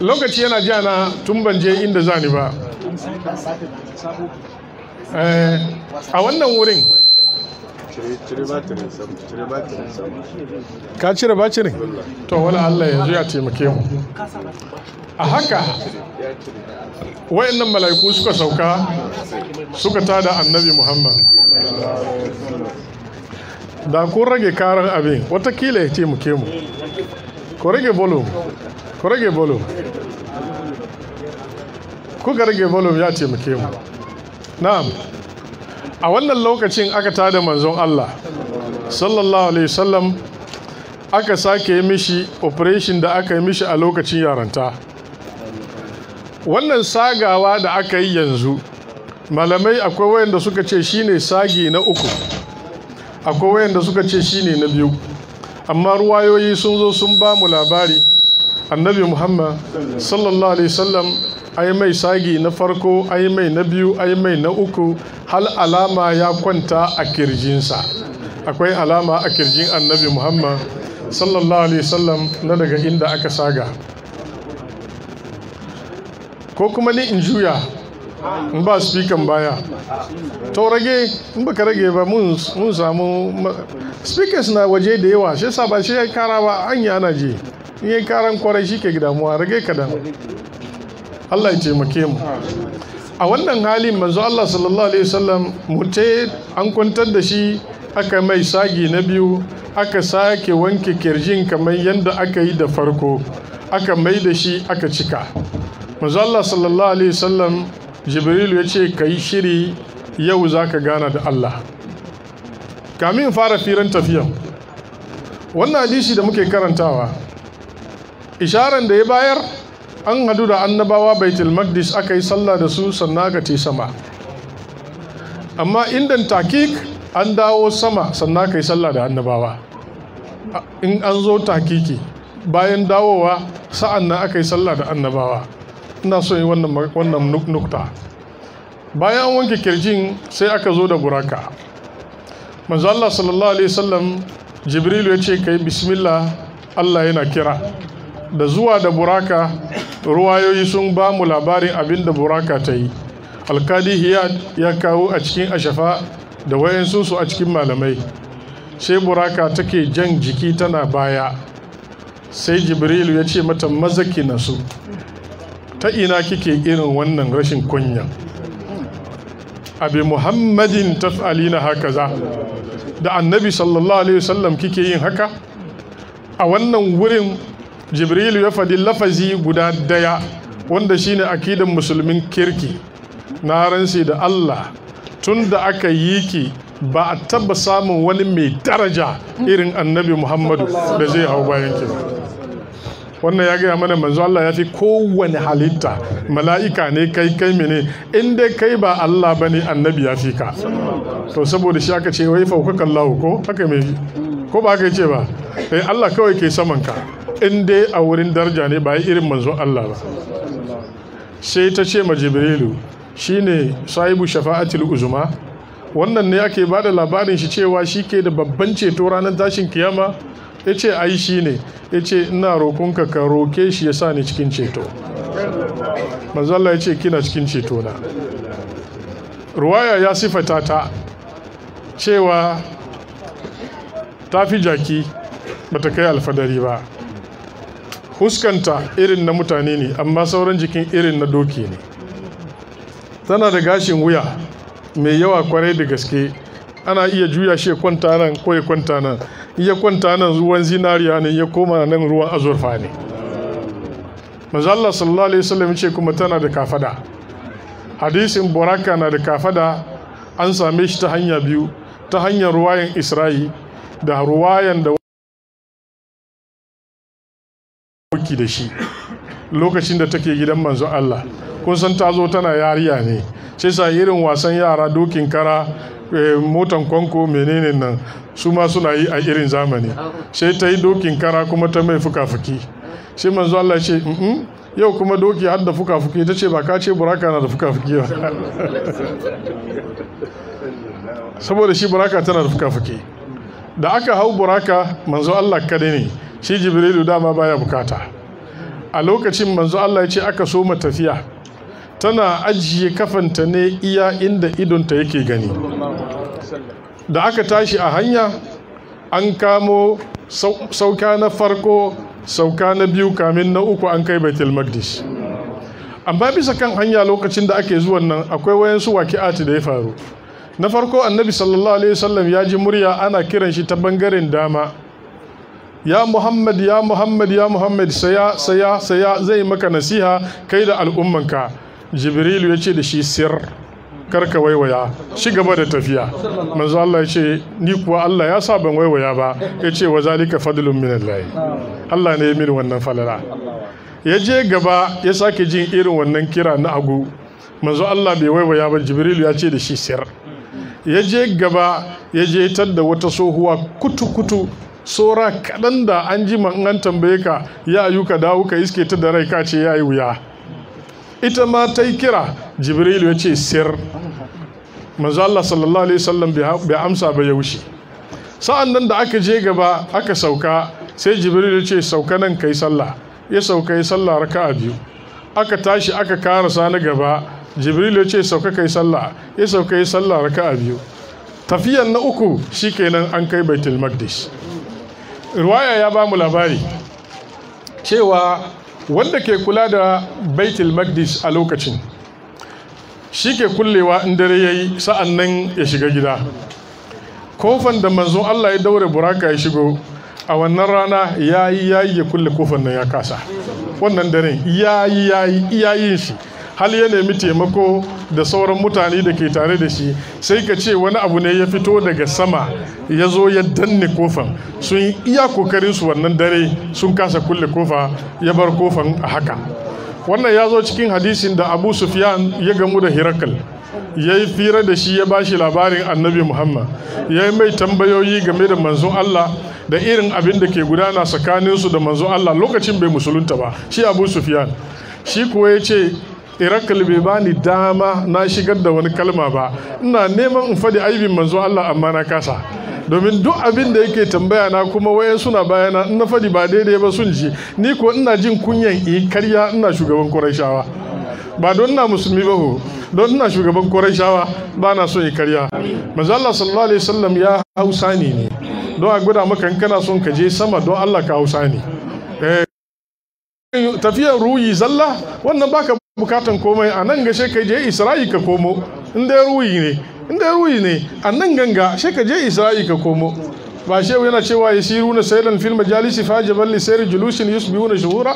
lokaci yana ji na tun ban je inda zani ba eh, a wannan wurin ka cire bacirin to wani Allah yanzu ya taimake mu a haka wayannan mala'iku suka sauka suka tada annabi Muhammad da ku rage karan abin watakila ya ce mu ke mu ku rage volume ku rage volume kuka rage volume ya ce mu ke mu na'am a wannan lokacin aka tada manzon Allah sallallahu alaihi wasallam aka sake mishi operation da aka yi mishi a lokacin yaranta wannan sagawa da aka yi yanzu malamai akwai wayanda suka ce shine sagi na uku akwai wayanda suka ce shine na biyu amma ruwayoyi sun zo sun ba mu labari annabi muhammad sallallahu alaihi wasallam ai mai sagi na farko ai mai na biyu ai mai na uku hal alama ya kwanta a kirjinsa akwai alama a kirjin annabi muhammad sallallahu alaihi wasallam na daga inda aka saga ko kuma ni in juya in ba speaker baya to rage in baka rage ba mun samu speakers na waje da yawa shi sa ba shi ya kara ba an yi ana je in yi karan kwarai shi ke damuwa rage kadan Allah ya taimake mu a wannan hali manzo Allah sallallahu alaihi wasallam mute an kwantar da shi aka mai sagi na biyu aka sake wanke kirjin kamar yadda aka yi da farko aka mai da shi aka cika manzo Allah sallallahu alaihi wasallam jibrilu ya ce ka yi shiri yau za ka gana da allah kamin fara firan tafiyan wannan hadisi da muke karantawa isharan da ya bayar an hadu da annabawa baitul maqdis aka yi sallah da su sannan aka ce sama amma indan takik an dawo sama sannan aka yi sallah da annabawa in an zo takiki bayan dawowa sa'an nan aka yi sallah da annabawa ina so yi wannan nukta bayan an wanke kirjin sai aka zo da buraka manzo Allah sallallahu alaihi wasallam jibril ya ce kai bismillah Allah yana kira da zuwa da buraka ruwayoyi sun ba mu labarin abin da buraka ta yi alkali hiyad ya kawo a cikin ashafa da wayansu su a cikin malamai sai buraka take jan jiki tana baya sai jibrilu ya ce mata mazaki na su ta ina kike irin wannan rashin kunya abi muhammadin taf'alina hakaza da annabi sallallahu alaihi wasallam kike yin haka a wannan wurin jibrilu ya faɗi lafazi guda daya wanda shine akidan musulmin kirki na ransi da Allah tun da aka yi ki ba a taba samun wani mai daraja irin annabi muhammadu da zai hau bayan ki wannan ya gaya mana manzo Allah ya fi kowane halitta mala'ika ne kai kai mene in dai kai ba Allah ba ne annabi ya fi ka to saboda shi aka ce wai faukaka Allah ko haka me ko ba ka ce ba kai eh, Allah kawai ke saman ka in dai a wurin daraja ne ba irin manzo Allah ba sai ta ce ma Jibrilu shine sahibu shafa'atil uzuma. wannan ne ake bada labarin shi cewa shi ke da babban ceto ranar tashin kiyama ya ce ai shi ne ya ce ina roƙonka ka roke shi ya sa ni cikin ceto manzala ya ce kina cikin ceto na ruwaya ya sifata ta cewa ta fi jaki bata kai alfadari ba huskanta irin na mutane ne amma sauran jikin irin na doki ne tana da gashin wuya mai yawa kwarai da gaske ana iya juya shi kwanta nan ko ya kwanta nan iya kwanta nan ruwan zinariya ne ya koma nan ruwan azurfa ne manzo Allah sallallahu alaihi wasallam ce kuma tana da kafada hadisin buraka na da kafada an same shi ta hanya biyu ta hanyar ruwayan isra'i da ruwayan da wuki da shi lokacin da take gidan manzo Allah kun san ta zo tana yariya ne sai sa irin wasan yara dokin kara Eh, motan kwanko menene nan su ma suna yi a irin zamani sai ta yi dokin kara kuma ta mai fuka-fuki sai manzo Allah ce yau kuma doki har da fuka-fuki ta ce ba ka ce buraka na da fuka-fuki ba saboda shi buraka tana da fuka-fuki da aka hau buraka manzo Allah kada ne shi jibrilu dama baya bukata a lokacin manzo Allah ya ce aka so tafiya tana ajiye kafanta ne iya inda idonta yake gani da aka tashi a hanya an kamo sauka na farko sauka na biyu kamin na uku an kai baitul Magdis. amma bisa kan hanya lokacin da ake zuwan nan akwai wayansu waki'ati da ya faru na farko annabi sallallahu alaihi wasallam ya ji murya ana kiran shi ta bangaren dama ya muhammad ya muhammad ya muhammad saya saya saya zai maka nasiha kai da al'ummanka jibrilu ya ce da shi sir karka waiwaya shi gaba da tafiya manzo Allah ya ce ni kuwa Allah ya sa ban waiwaya ba ya ce wa zalika fadlun min Allah Allah ne ya mini wannan falala ya je gaba ya sake jin irin wannan kira na agu manzo Allah bai waiwaya ba jibrilu ya ce da shi sir ya je gaba ya je da wata sohuwa kutu-kutu sora kaɗan da an ji an tambaye ka ya ayuka ka dawo ka iske ta da rai ka ce ya yi wuya ita ma ta yi kira jibrilu ya ce sir manzo Allah sallallahu alaihi wasallam bai amsa ba ya sa'an nan da aka je gaba aka sauka sai jibril ya ce sauka nan kai sallah ya sauka ya sallah raka'a biyu aka tashi aka karasa na gaba jibril ya ce sauka kai sallah ya sauka ya sallah raka'a biyu tafiyan na uku shikenan an kai baitul maqdis riwaya ya ba mu labari cewa wanda ke kula da baitul Magdis a lokacin shi ke kullewa in dare yi sa'an nan ya shiga gida kofan da manzon Allah ya daure buraka ya shigo a wannan rana yayi yayi ya kulle kofan nan ya kasa wannan dare yayi yayi iyayin shi hal ya nemi taimako da sauran mutane da ke tare da shi sai ka ce wani abu ne ya fito daga sama ya zo ya danne kofan sun iya kokarin su wannan dare sun kasa kulle kofa ya bar kofan a haka wannan ya zo cikin hadisin da abu sufyan ya gamu da hirakal ya yi fira da shi ya ba shi labarin annabi muhammad ya yi mai tambayoyi game da manzon allah da irin abin da ke gudana tsakaninsu da manzon allah lokacin bai musulunta ba shi abu sufyan shi kuwa ya ce irakal bai bani dama na shigar da wani kalma ba ina neman in faɗi aibin manzo Allah amma na kasa domin duk abin da yake tambaya na kuma wayan suna bayana in na faɗi ba daidai ba sun ji ni ko ina jin kunyan yi karya ina shugaban Qurayshawa ba don ina musulmi ba ho don ina shugaban Qurayshawa ba na so yi karya manzo Allah sallallahu alaihi wasallam ya hausa ne don a gwada maka kana son ka je sama don Allah ka hausa ne tafiyar ruyi zalla wannan baka bukatan komai a nan gashe ka je isra'i ka komo in dai ruyi ne in dai ruyi ne a nan ganga shi ka je isra'i ka komo ba shehu yana cewa ya siru na sailan fil majalisi fa jabal li sayr Yusuf, biyu na shuhura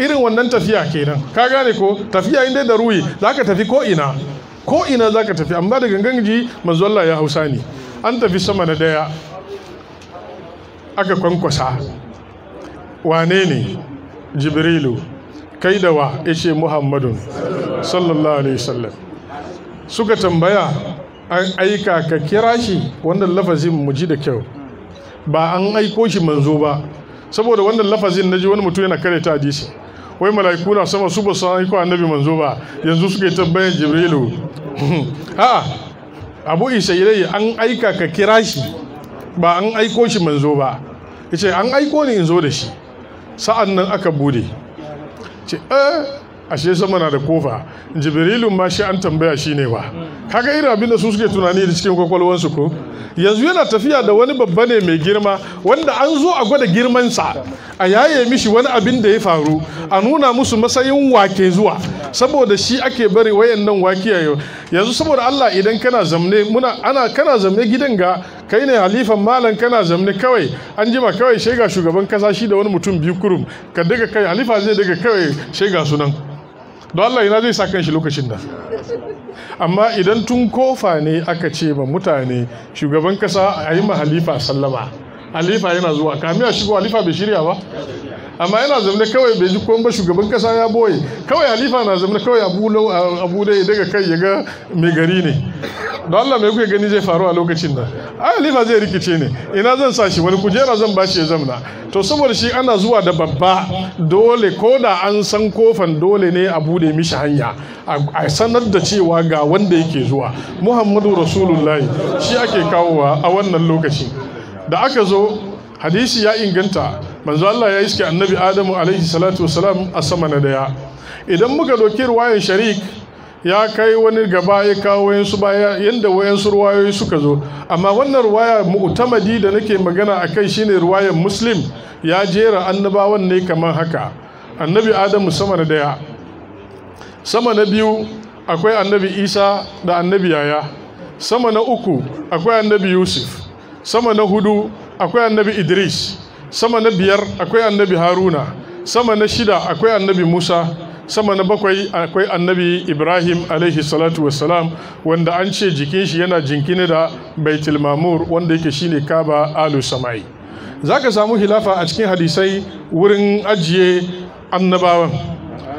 irin wannan tafiya kenan ka gane ko tafiya inda da ruyi za ka tafi ko ina ko ina ka tafi amma da gangan ji manzo ya hausa ne an tafi sama na daya aka kwankwasa wane ne jibrilu kai da wa yace muhammadun sallallahu alaihi wasallam suka tambaya an aika ka kira shi wannan lafazin mu ji da kyau ba an aiko shi manzo ba saboda wannan lafazin naji wani mutum yana karanta hadisi wai mala'iku na sama su ba su aiko annabi manzo ba yanzu suka tambaya jibrilu a'a abu isa ilai an aika ka kira shi ba an aiko shi manzo ba yace an aiko ni in zo da shi sa'an nan aka bude ce a eh, ashe sama na da kofa jibrilun ma shi an tambaya shi ne ba kaga irin abin da su suke tunani da cikin kwakwalwansu ko yanzu yana tafiya da wani babba ne mai girma wanda an zo a gwada girmansa a yaye mishi wani abin da ya faru a nuna musu matsayin wake zuwa saboda shi ake bari wayannan nan wakiya yanzu saboda Allah idan kana zamne kana zamne gidan ga kai ne halifan malam kana zamne kawai an jima kawai shega shugaban kasa shi da wani mutum biyu kurum ka daga kai halifa zai daga kawai shega sunan don Allah yana zai sa kan shi lokacin da amma idan tun kofa ne aka ce ba mutane shugaban kasa a yi ma halifa sallama alifa yana zuwa kamiya shigo alifa bai shirya ba amma yana zamne kawai bai ji ba shugaban kasa ya boye kawai halifa na zamne kawai abu dai daga kai ya ga mai gari ne don Allah mai kuka gani zai faru a lokacin nan a halifa zai rikice ne ina zan sa shi wani kujera zan ba shi ya zamna to saboda shi ana zuwa da babba dole ko da an san kofan dole ne a bude mishi hanya a sanar da cewa ga wanda yake zuwa muhammadu rasulullahi shi ake kawowa a wannan lokaci da aka zo hadisi ya inganta manzo Allah ya iske annabi Adamu alaihi salatu wasalam a sama na daya idan muka doki ruwayan sharik ya kai wani gaba ya kawo wayansu baya yadda wayansu ruwayoyi suka zo amma wannan ruwaya mu'tamadi da nake magana a kai shine ruwayan muslim ya jera annabawan ne kamar haka annabi adamu sama na daya sama na biyu akwai annabi isa da annabi yaya sama na uku akwai annabi yusuf sama na hudu akwai annabi idris sama na biyar akwai annabi haruna sama na shida akwai annabi musa sama na bakwai akwai annabi ibrahim alaihi salatu wassalam wanda an ce jikin shi yana jinkini da baitul mamur wanda yake shine kaba alu samai zaka samu hilafa a cikin hadisai wurin ajiye annabawan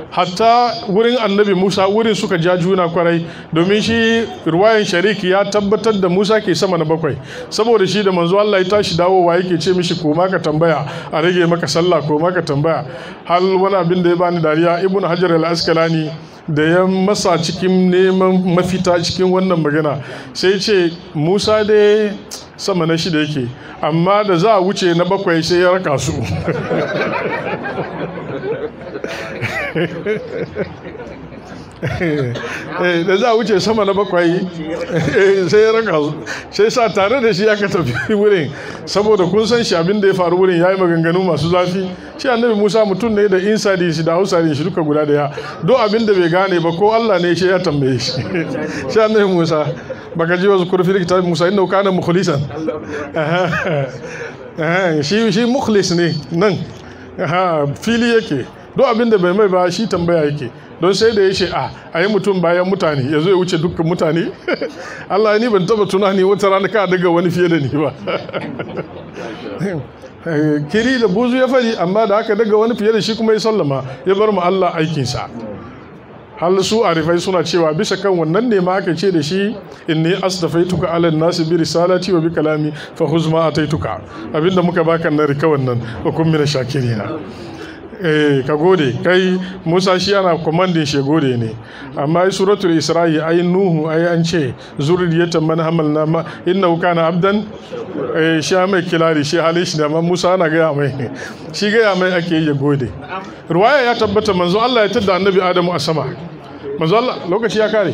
hatta wurin annabi musa wurin suka ja juna kwarai domin shi ruwayan sharik ya tabbatar da musa ke sama na bakwai saboda shi da manzo allah ya tashi dawowa yake ce mishi koma ka tambaya a rage maka sallah koma ka tambaya hal wani abin da ya bani dariya ibn hajar al-askalani da ya masa cikin neman mafita cikin wannan magana sai ce musa dai sama na shida yake amma da za a wuce na bakwai sai ya raka su Eh, da za a wuce sama na bakwai eh, sai ya ranka su sai sa tare da shi ya ka tafi wurin saboda kun san shi abin da ya faru wurin ya yi maganganu masu zafi shi annabi musa mutum ne da insadi shi da hausari shi duka guda daya do abin da bai gane ba ko allah ne shi ya tambaye shi shi annabi musa baka ji wasu kurfi da kitabin musa inda kana mukhlisan eh, shi mukhlis ne nan fili yake duk abin da bai mai ba shi tambaya yake don sai da ya ce a ah, a yi mutum bayan mutane ya zo ya wuce dukkan mutane Allah ni ban taba tunani wata rana ka daga wani fiye da ni ba kiri da buzu ya fari amma da aka daga wani fiye da shi kuma ya sallama ya bar mu Allah aikinsa hal su arifai suna cewa bisa kan wannan ne ma aka ce da shi inni astafaituka ala nasi bi risalati wa bi kalami fa huzma ataituka abinda muka baka na rika wannan wa na. shakirina eh ka gode kai Musa shi ana commandin shi gode ne amma ai suratul isra'i ai nuhu ai an ce zurriyatan man hamalna ma innahu kana abdan eh shi mai kilari shi halin shi da Musa na ga mai ne shi ga mai ake yi gode ruwaya ya tabbata manzo Allah ya tada annabi Adamu a sama mazalla lokaci ya kare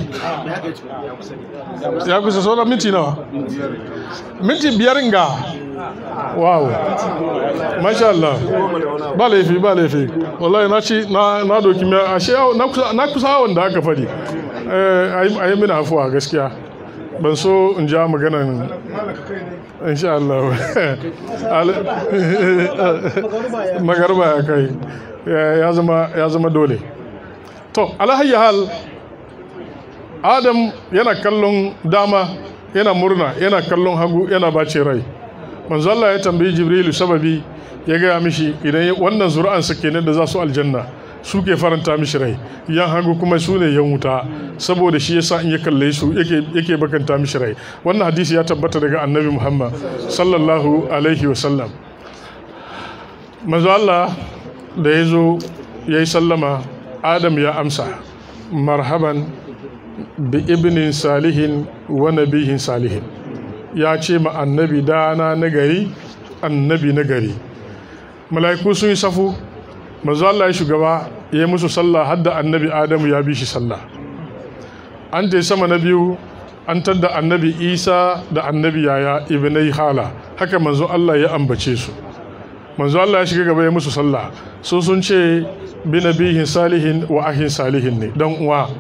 ya kusa sauran minti nawa minti biyar ga wow masha Allah ba laifi ba laifi wallahi na ci na doki mai ashe na kusa hawan da aka fadi eh, a yi mini afuwa gaskiya ban so in ja maganan insha Allah magarba ya kai ya zama dole to alahayya hal adam yana kallon dama yana murna yana kallon hagu yana bace rai manzo Allah ya tambayi jibrilu sababi ya gaya mishi idan wannan zuri'ansa kenan da za su aljanna su ke faranta mishi rai yan hagu kuma su ne yan wuta saboda shi yasa in ya kalle su yake bakanta mishi rai wannan hadisi ya tabbata daga annabi muhammad sallallahu alaihi wa sallam manzo Allah da ya zo ya sallama adam ya amsa marhaban bi ibnin salihin wa nabihin salihin ya ce ma annabi dana nagari annabi nagari mala'iku sun yi safu mazu Allah ya shugaba ya musu sallah hadda annabi Adamu ya bi shi sallah an te sama na biyu an tadda annabi Isa da annabi Yaya ibnai Hala haka mazu Allah ya ambace su manzo Allah ya shiga gaba ya musu sallah so sun ce binabihin nabihin salihin wa ahin salihin ne dan uwa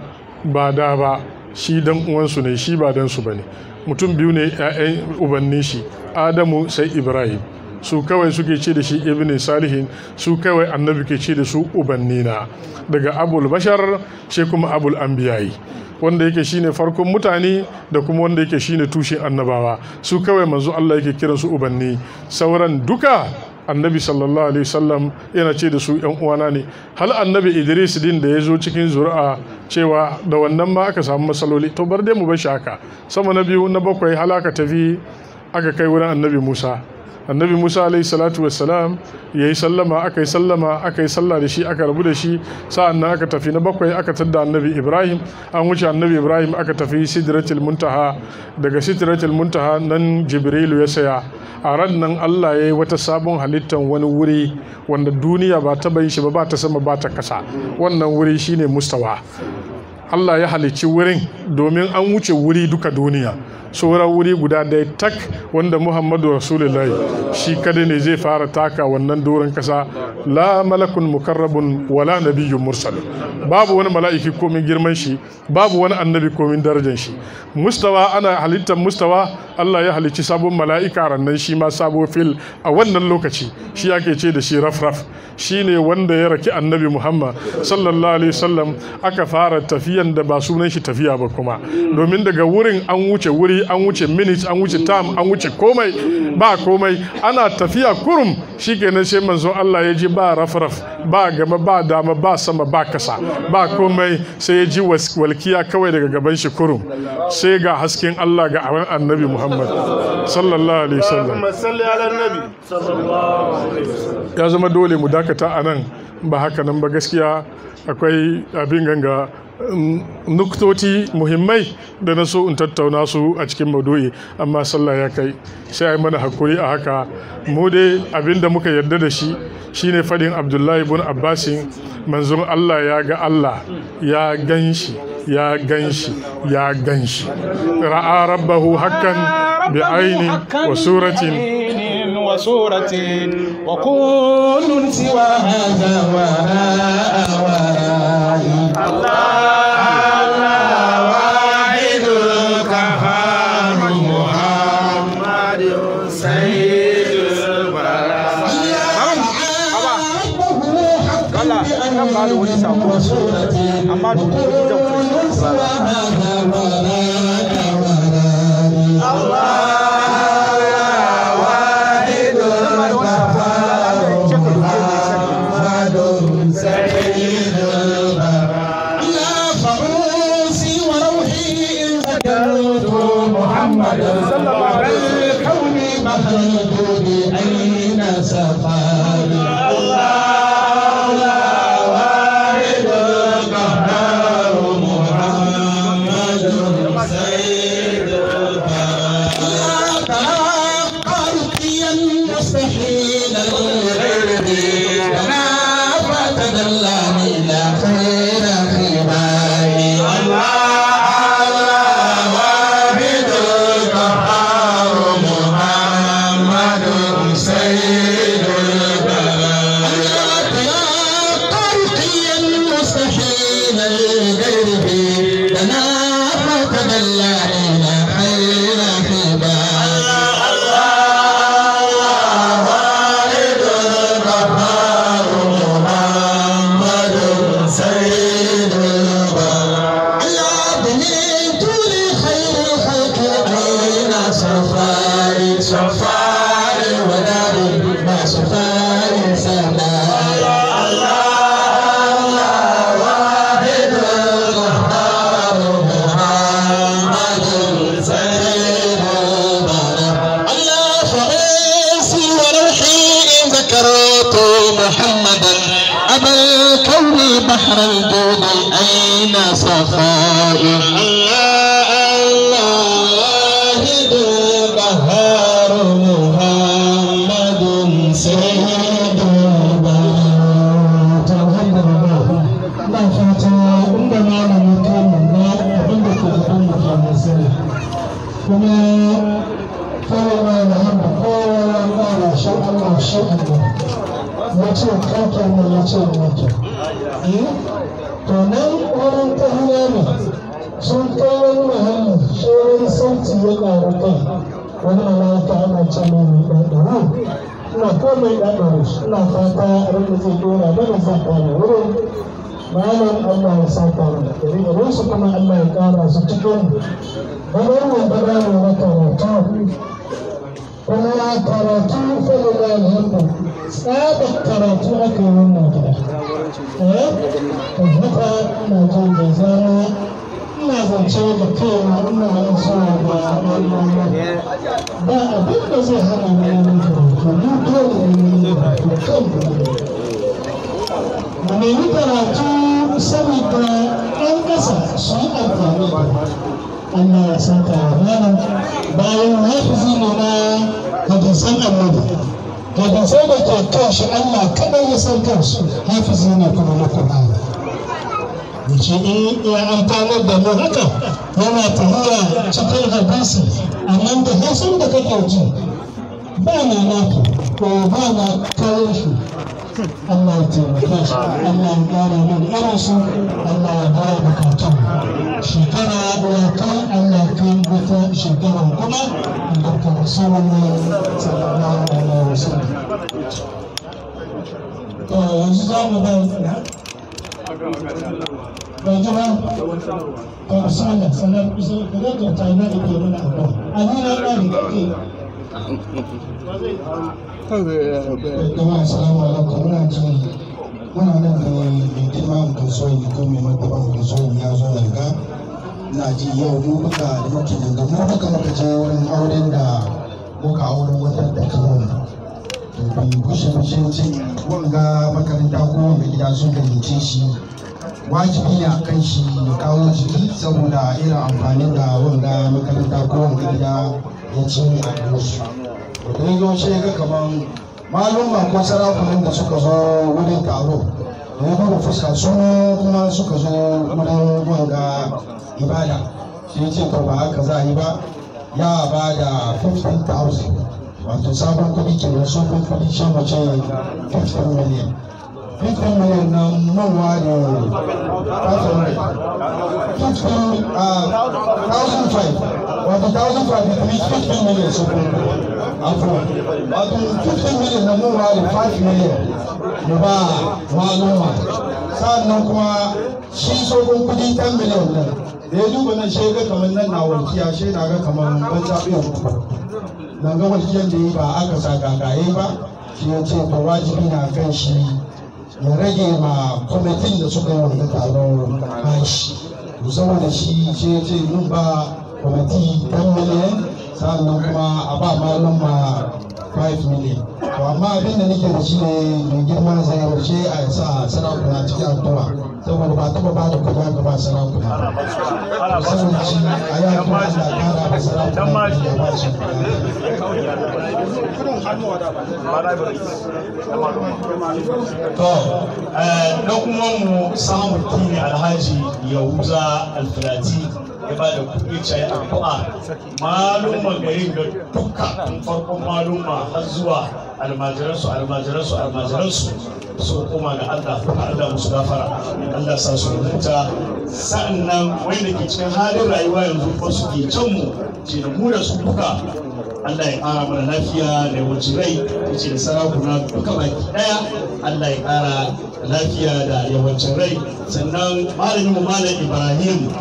ba da ba shi dan uwansu ne shi ba don su ne. mutum biyu ne 'ya'yan ubannin shi Adamu sai Ibrahim su kawai suke ce da shi ibn salihin su kawai annabi ke ce da su na daga abul bashar shi kuma abul anbiyayi wanda yake shine farkon mutane da kuma wanda yake shine tushen annabawa su kawai manzo Allah yake kiransu ubanni sauran duka annabi sallallahu alaihi wasallam yana ce da su yan uwana ne hal annabi idris din da ya zo cikin zuri'a cewa da wannan ma aka samu matsaloli to bar dai mu bar shi haka sama na biyu na bakwai halaka tafi aka kai wurin annabi musa annabi musa alaihi salatu wassalam ya yi sallama aka yi sallama aka yi sallah da shi aka rabu da shi sa'an na aka tafi na bakwai aka tadda annabi ibrahim an wuce annabi ibrahim aka tafi sidratul muntaha daga sidratul muntaha nan jibrilu ya saya a ran nan allah ya yi wata sabon halittar wani wuri wanda duniya ba ta bai shi ba ba ta sama ba ta kasa wannan wuri shine mustawa Allah ya halicci wurin domin an wuce wuri duka duniya sauran wuri guda ɗaya tak wanda muhammadu rasulullah shi kada ne zai fara taka wannan doron kasa la malakun mukarrabun wala nabiyyun mursal babu wani mala'iki komin girman shi babu wani annabi komin darajar shi mustawa ana halittar mustawa Allah ya halicci sabon mala'ika rannan shi ma sabo fil a wannan lokaci shi ake ce da shi rafraf shi ne wanda ya raki annabi muhammad sallallahu alaihi wasallam aka fara tafiya tafiyan da ba sunan shi tafiya ba kuma domin daga wurin an wuce wuri an wuce minutes an wuce time an wuce komai ba komai ana tafiya kurum shikenan sai manzo Allah ya ji ba rafraf ba gama ba dama ba sama ba kasa ba komai sai ya ji walkiya kawai daga gaban shi kurum sai ga hasken Allah ga awan annabi Muhammad sallallahu alaihi wasallam ya zama dole mu dakata anan ba haka nan ba gaskiya akwai abin ganga nuktoti muhimmai da na so in tattauna su a cikin maudu'i amma sallah ya kai sai a mana hakuri a haka mu dai abinda muka yarda da shi shine faɗin abdullahi ibn Abbas manzon allah ya ga allah ya gan shi ya gan shi ya gan shi ra'a rabbahu hakan bi aini wa suratin wa ra'a Amado. saka mu wurin malam Allah ya saka mu da garin su kuma Allah ya kara su cikin wannan wannan na karatu kuma karatu fa lillahi tsabar karatu aka yi wannan gida eh haka ina jin da zara ina zance da kaina ina yin suna da wannan ba abin da zai hana ni yin karatu ni dole ne yin karatu kan mu nemi karatu saboda ɗan ƙasa su yi amfani da Allah ya saka wa malam bayan hafizi ne na hadisan annabi hadisai da ke kan shi Allah kaɗai ya san kansu hafizi ne kuma na Qur'ani yace in eh, ya amfanar da mu haka yana tafiya cikin hadisi nan da hasan da kake ji ba na naka ko ba na kayan shi Allah ya taimake shi Allah ya ƙara mana irin Allah ya ba bukatun shekara ya kai Allah ya kai wata shekara kuma albarka rasulullahi sallallahu alaihi wasallam to yanzu za mu bai bai ji ba to asala sanar kusa da daga da ke mana jama'a assalamu alaikum muna muna nan da mai girman kasuwan ko mai martaban kasuwan ya zo daga na ji yau mu duka da muke da mu duka muka je wurin auren da muka auren wata da kawai to bi kushe kushe ce wanga makaranta ko mai gida sun gayyace shi wajibi ne a kan shi ya kawo jiki saboda irin amfanin da wanga makaranta ko wanga gida ya ce ne a kansu da ta zo shi ga kaman ko sarakunan da suka zo wurin taro da ya duba fuska su kuma suka zo wurin wanga ibada shi ce to ba haka za a yi ba ya ba da 15,000 wato sabon kudi ke da sabon kudi shan mace 15 miliyan 15 na mawa da 5,000 a 1,500 1,553, 15 million support. Afwan. 15 million na mun 5 million. Mu ba maluma. Sa'annan kuma shi tsohon kudi 10 million nan. Da ya duba nan shi ga kamar nan na walkiya shi na ga kamar ban zaɓi nan ga walkiyan da ya ba aka sa gagaye ba. Shi ya ce ba wajibi a kan shi ya rage ma kwamitin da suka yi wanda taron bashi. Musamman da shi ce ce mun kwamiti 10 miliyan sannan kuma a ba malum ma 5 miliyan to amma abin eh, da nake da shi ne mai girma zayarce a sa sarakuna cikin addu'a saboda ba taba ba da kuɗi haka ba sarakuna saboda shi a yi hakan Allah kara ba sarakuna ya ba shi to dan kuma mu samu kini alhaji yahuza alfilati ya ba da kuɗi cayi addu'a malumman garin da duka tun farkon maluma har zuwa almajiransu almajiransu almajiransu su koma ga Allah kuma Allah musu gafara Allah sa su huta sannan wanda ke cikin halin rayuwa yanzu ba su ke can mu ce da mu da su duka Allah ya ƙara mana lafiya da yawanci rai ya ce da sarakuna duka baki ɗaya Allah ya ƙara lafiya da yawancin rai sannan malamin mu malam Ibrahim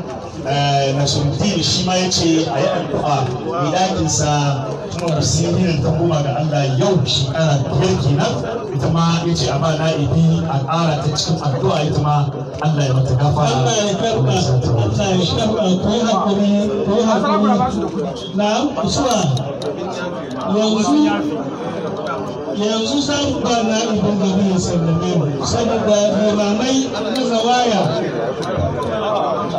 Eh, nasarudin shi ma ya ce a yi addu'a ɗakinsa kuma musirin ta koma ga Allah yau shekara biyar kenan ita ma ya ce a ba na'ibi a ta cikin addu'a ita ma Allah ya mata gafa Allah ya karɓa Allah ya karɓa ko hakuri ko hakuri na usuwa yanzu yanzu sabu ba na'ibin da zai sallame mu saboda limamai na zawaya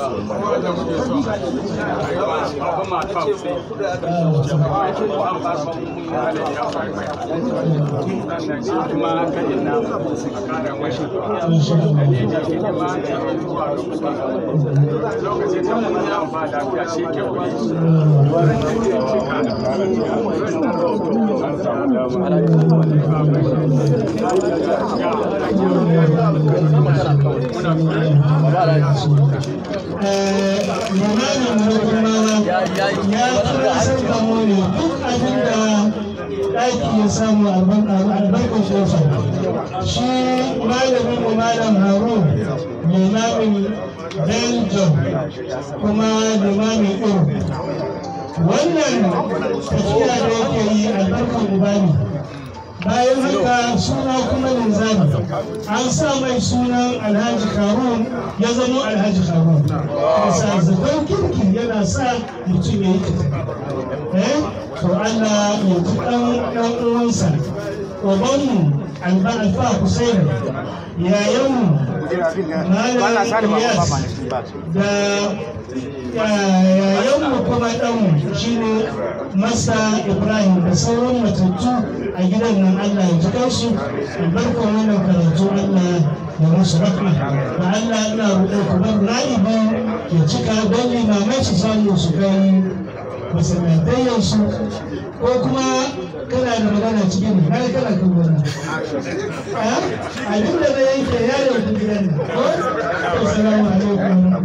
lokacin da mun yi amfani da fiya shi ke wuri wannan da ke cika da ƙarfi muna kula da yohanan gurgumawa ya kasar da ne duk abin da ɗaki ya samu albarkar shi ya samu shi malamin mu malam harun limamin belgium kuma limamin irin wannan tafiya da yake yi albarkar ubani bayan haka suna kuma linzami an sa mai sunan alhaji karun ya zama alhaji karun bisa zaton kirki yana sa mutum ya yi eh to allah ya ji ɗan uwansa ubanmu alba alfa yayanmu da da mu kuma shine masa Ibrahim da sauran matattu a gidan nan Allah ya ji su albarkan wannan karatu Allah ya musu rahma da Allah ina roƙon ku dan ra'ibi ya cika don limamai su samu su kai masallatai yansu ko kuma kana da magana cikin na ga kana kan A abin da na yanke ya da wata gidan nan ko assalamu alaikum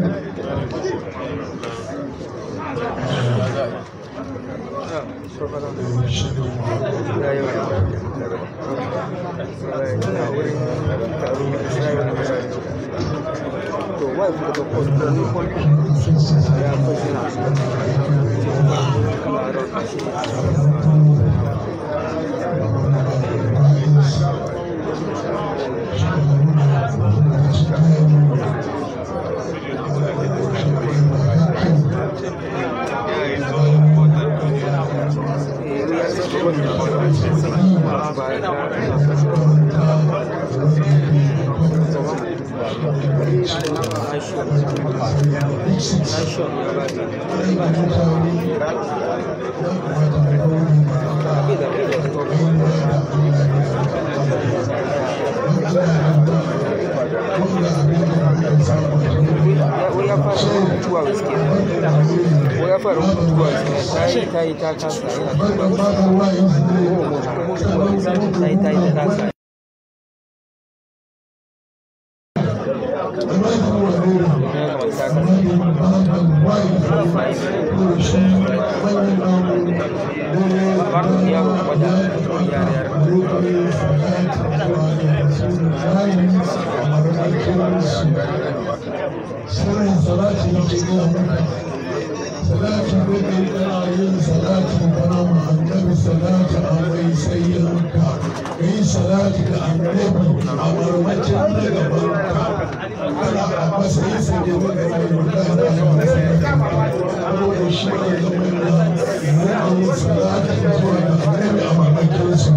to wai ku da fechou. Olha para o futebol você Olha para o futebol esquerdo. Tá aí, tá aí, tá cansado. Tá, tá, tá. tá aí, tá aí, tá cansado. ذلك أمرهم أمر مجد لك بركة على عباس يسر يدك على المكان أبو إشير يقول نعم صلاة تقول أمرهم أمر مجلس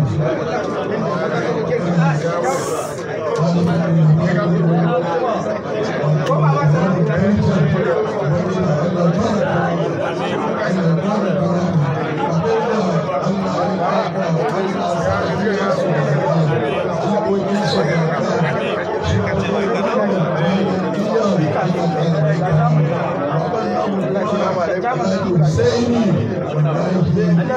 Thank you.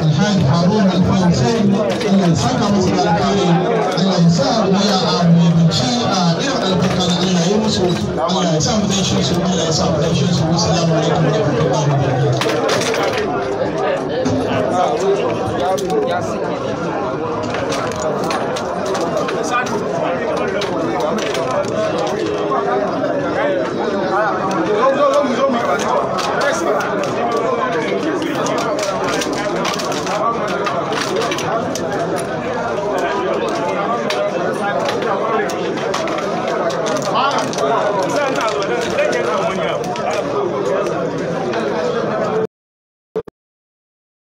الحاج هارون الفوزي الله يسكره الكريم الله يسار ويا عمي شيء غير البقاء الله يمسك الله يسامح الله يشيل الله يسامح الله يشيل السلام عليكم ورحمه الله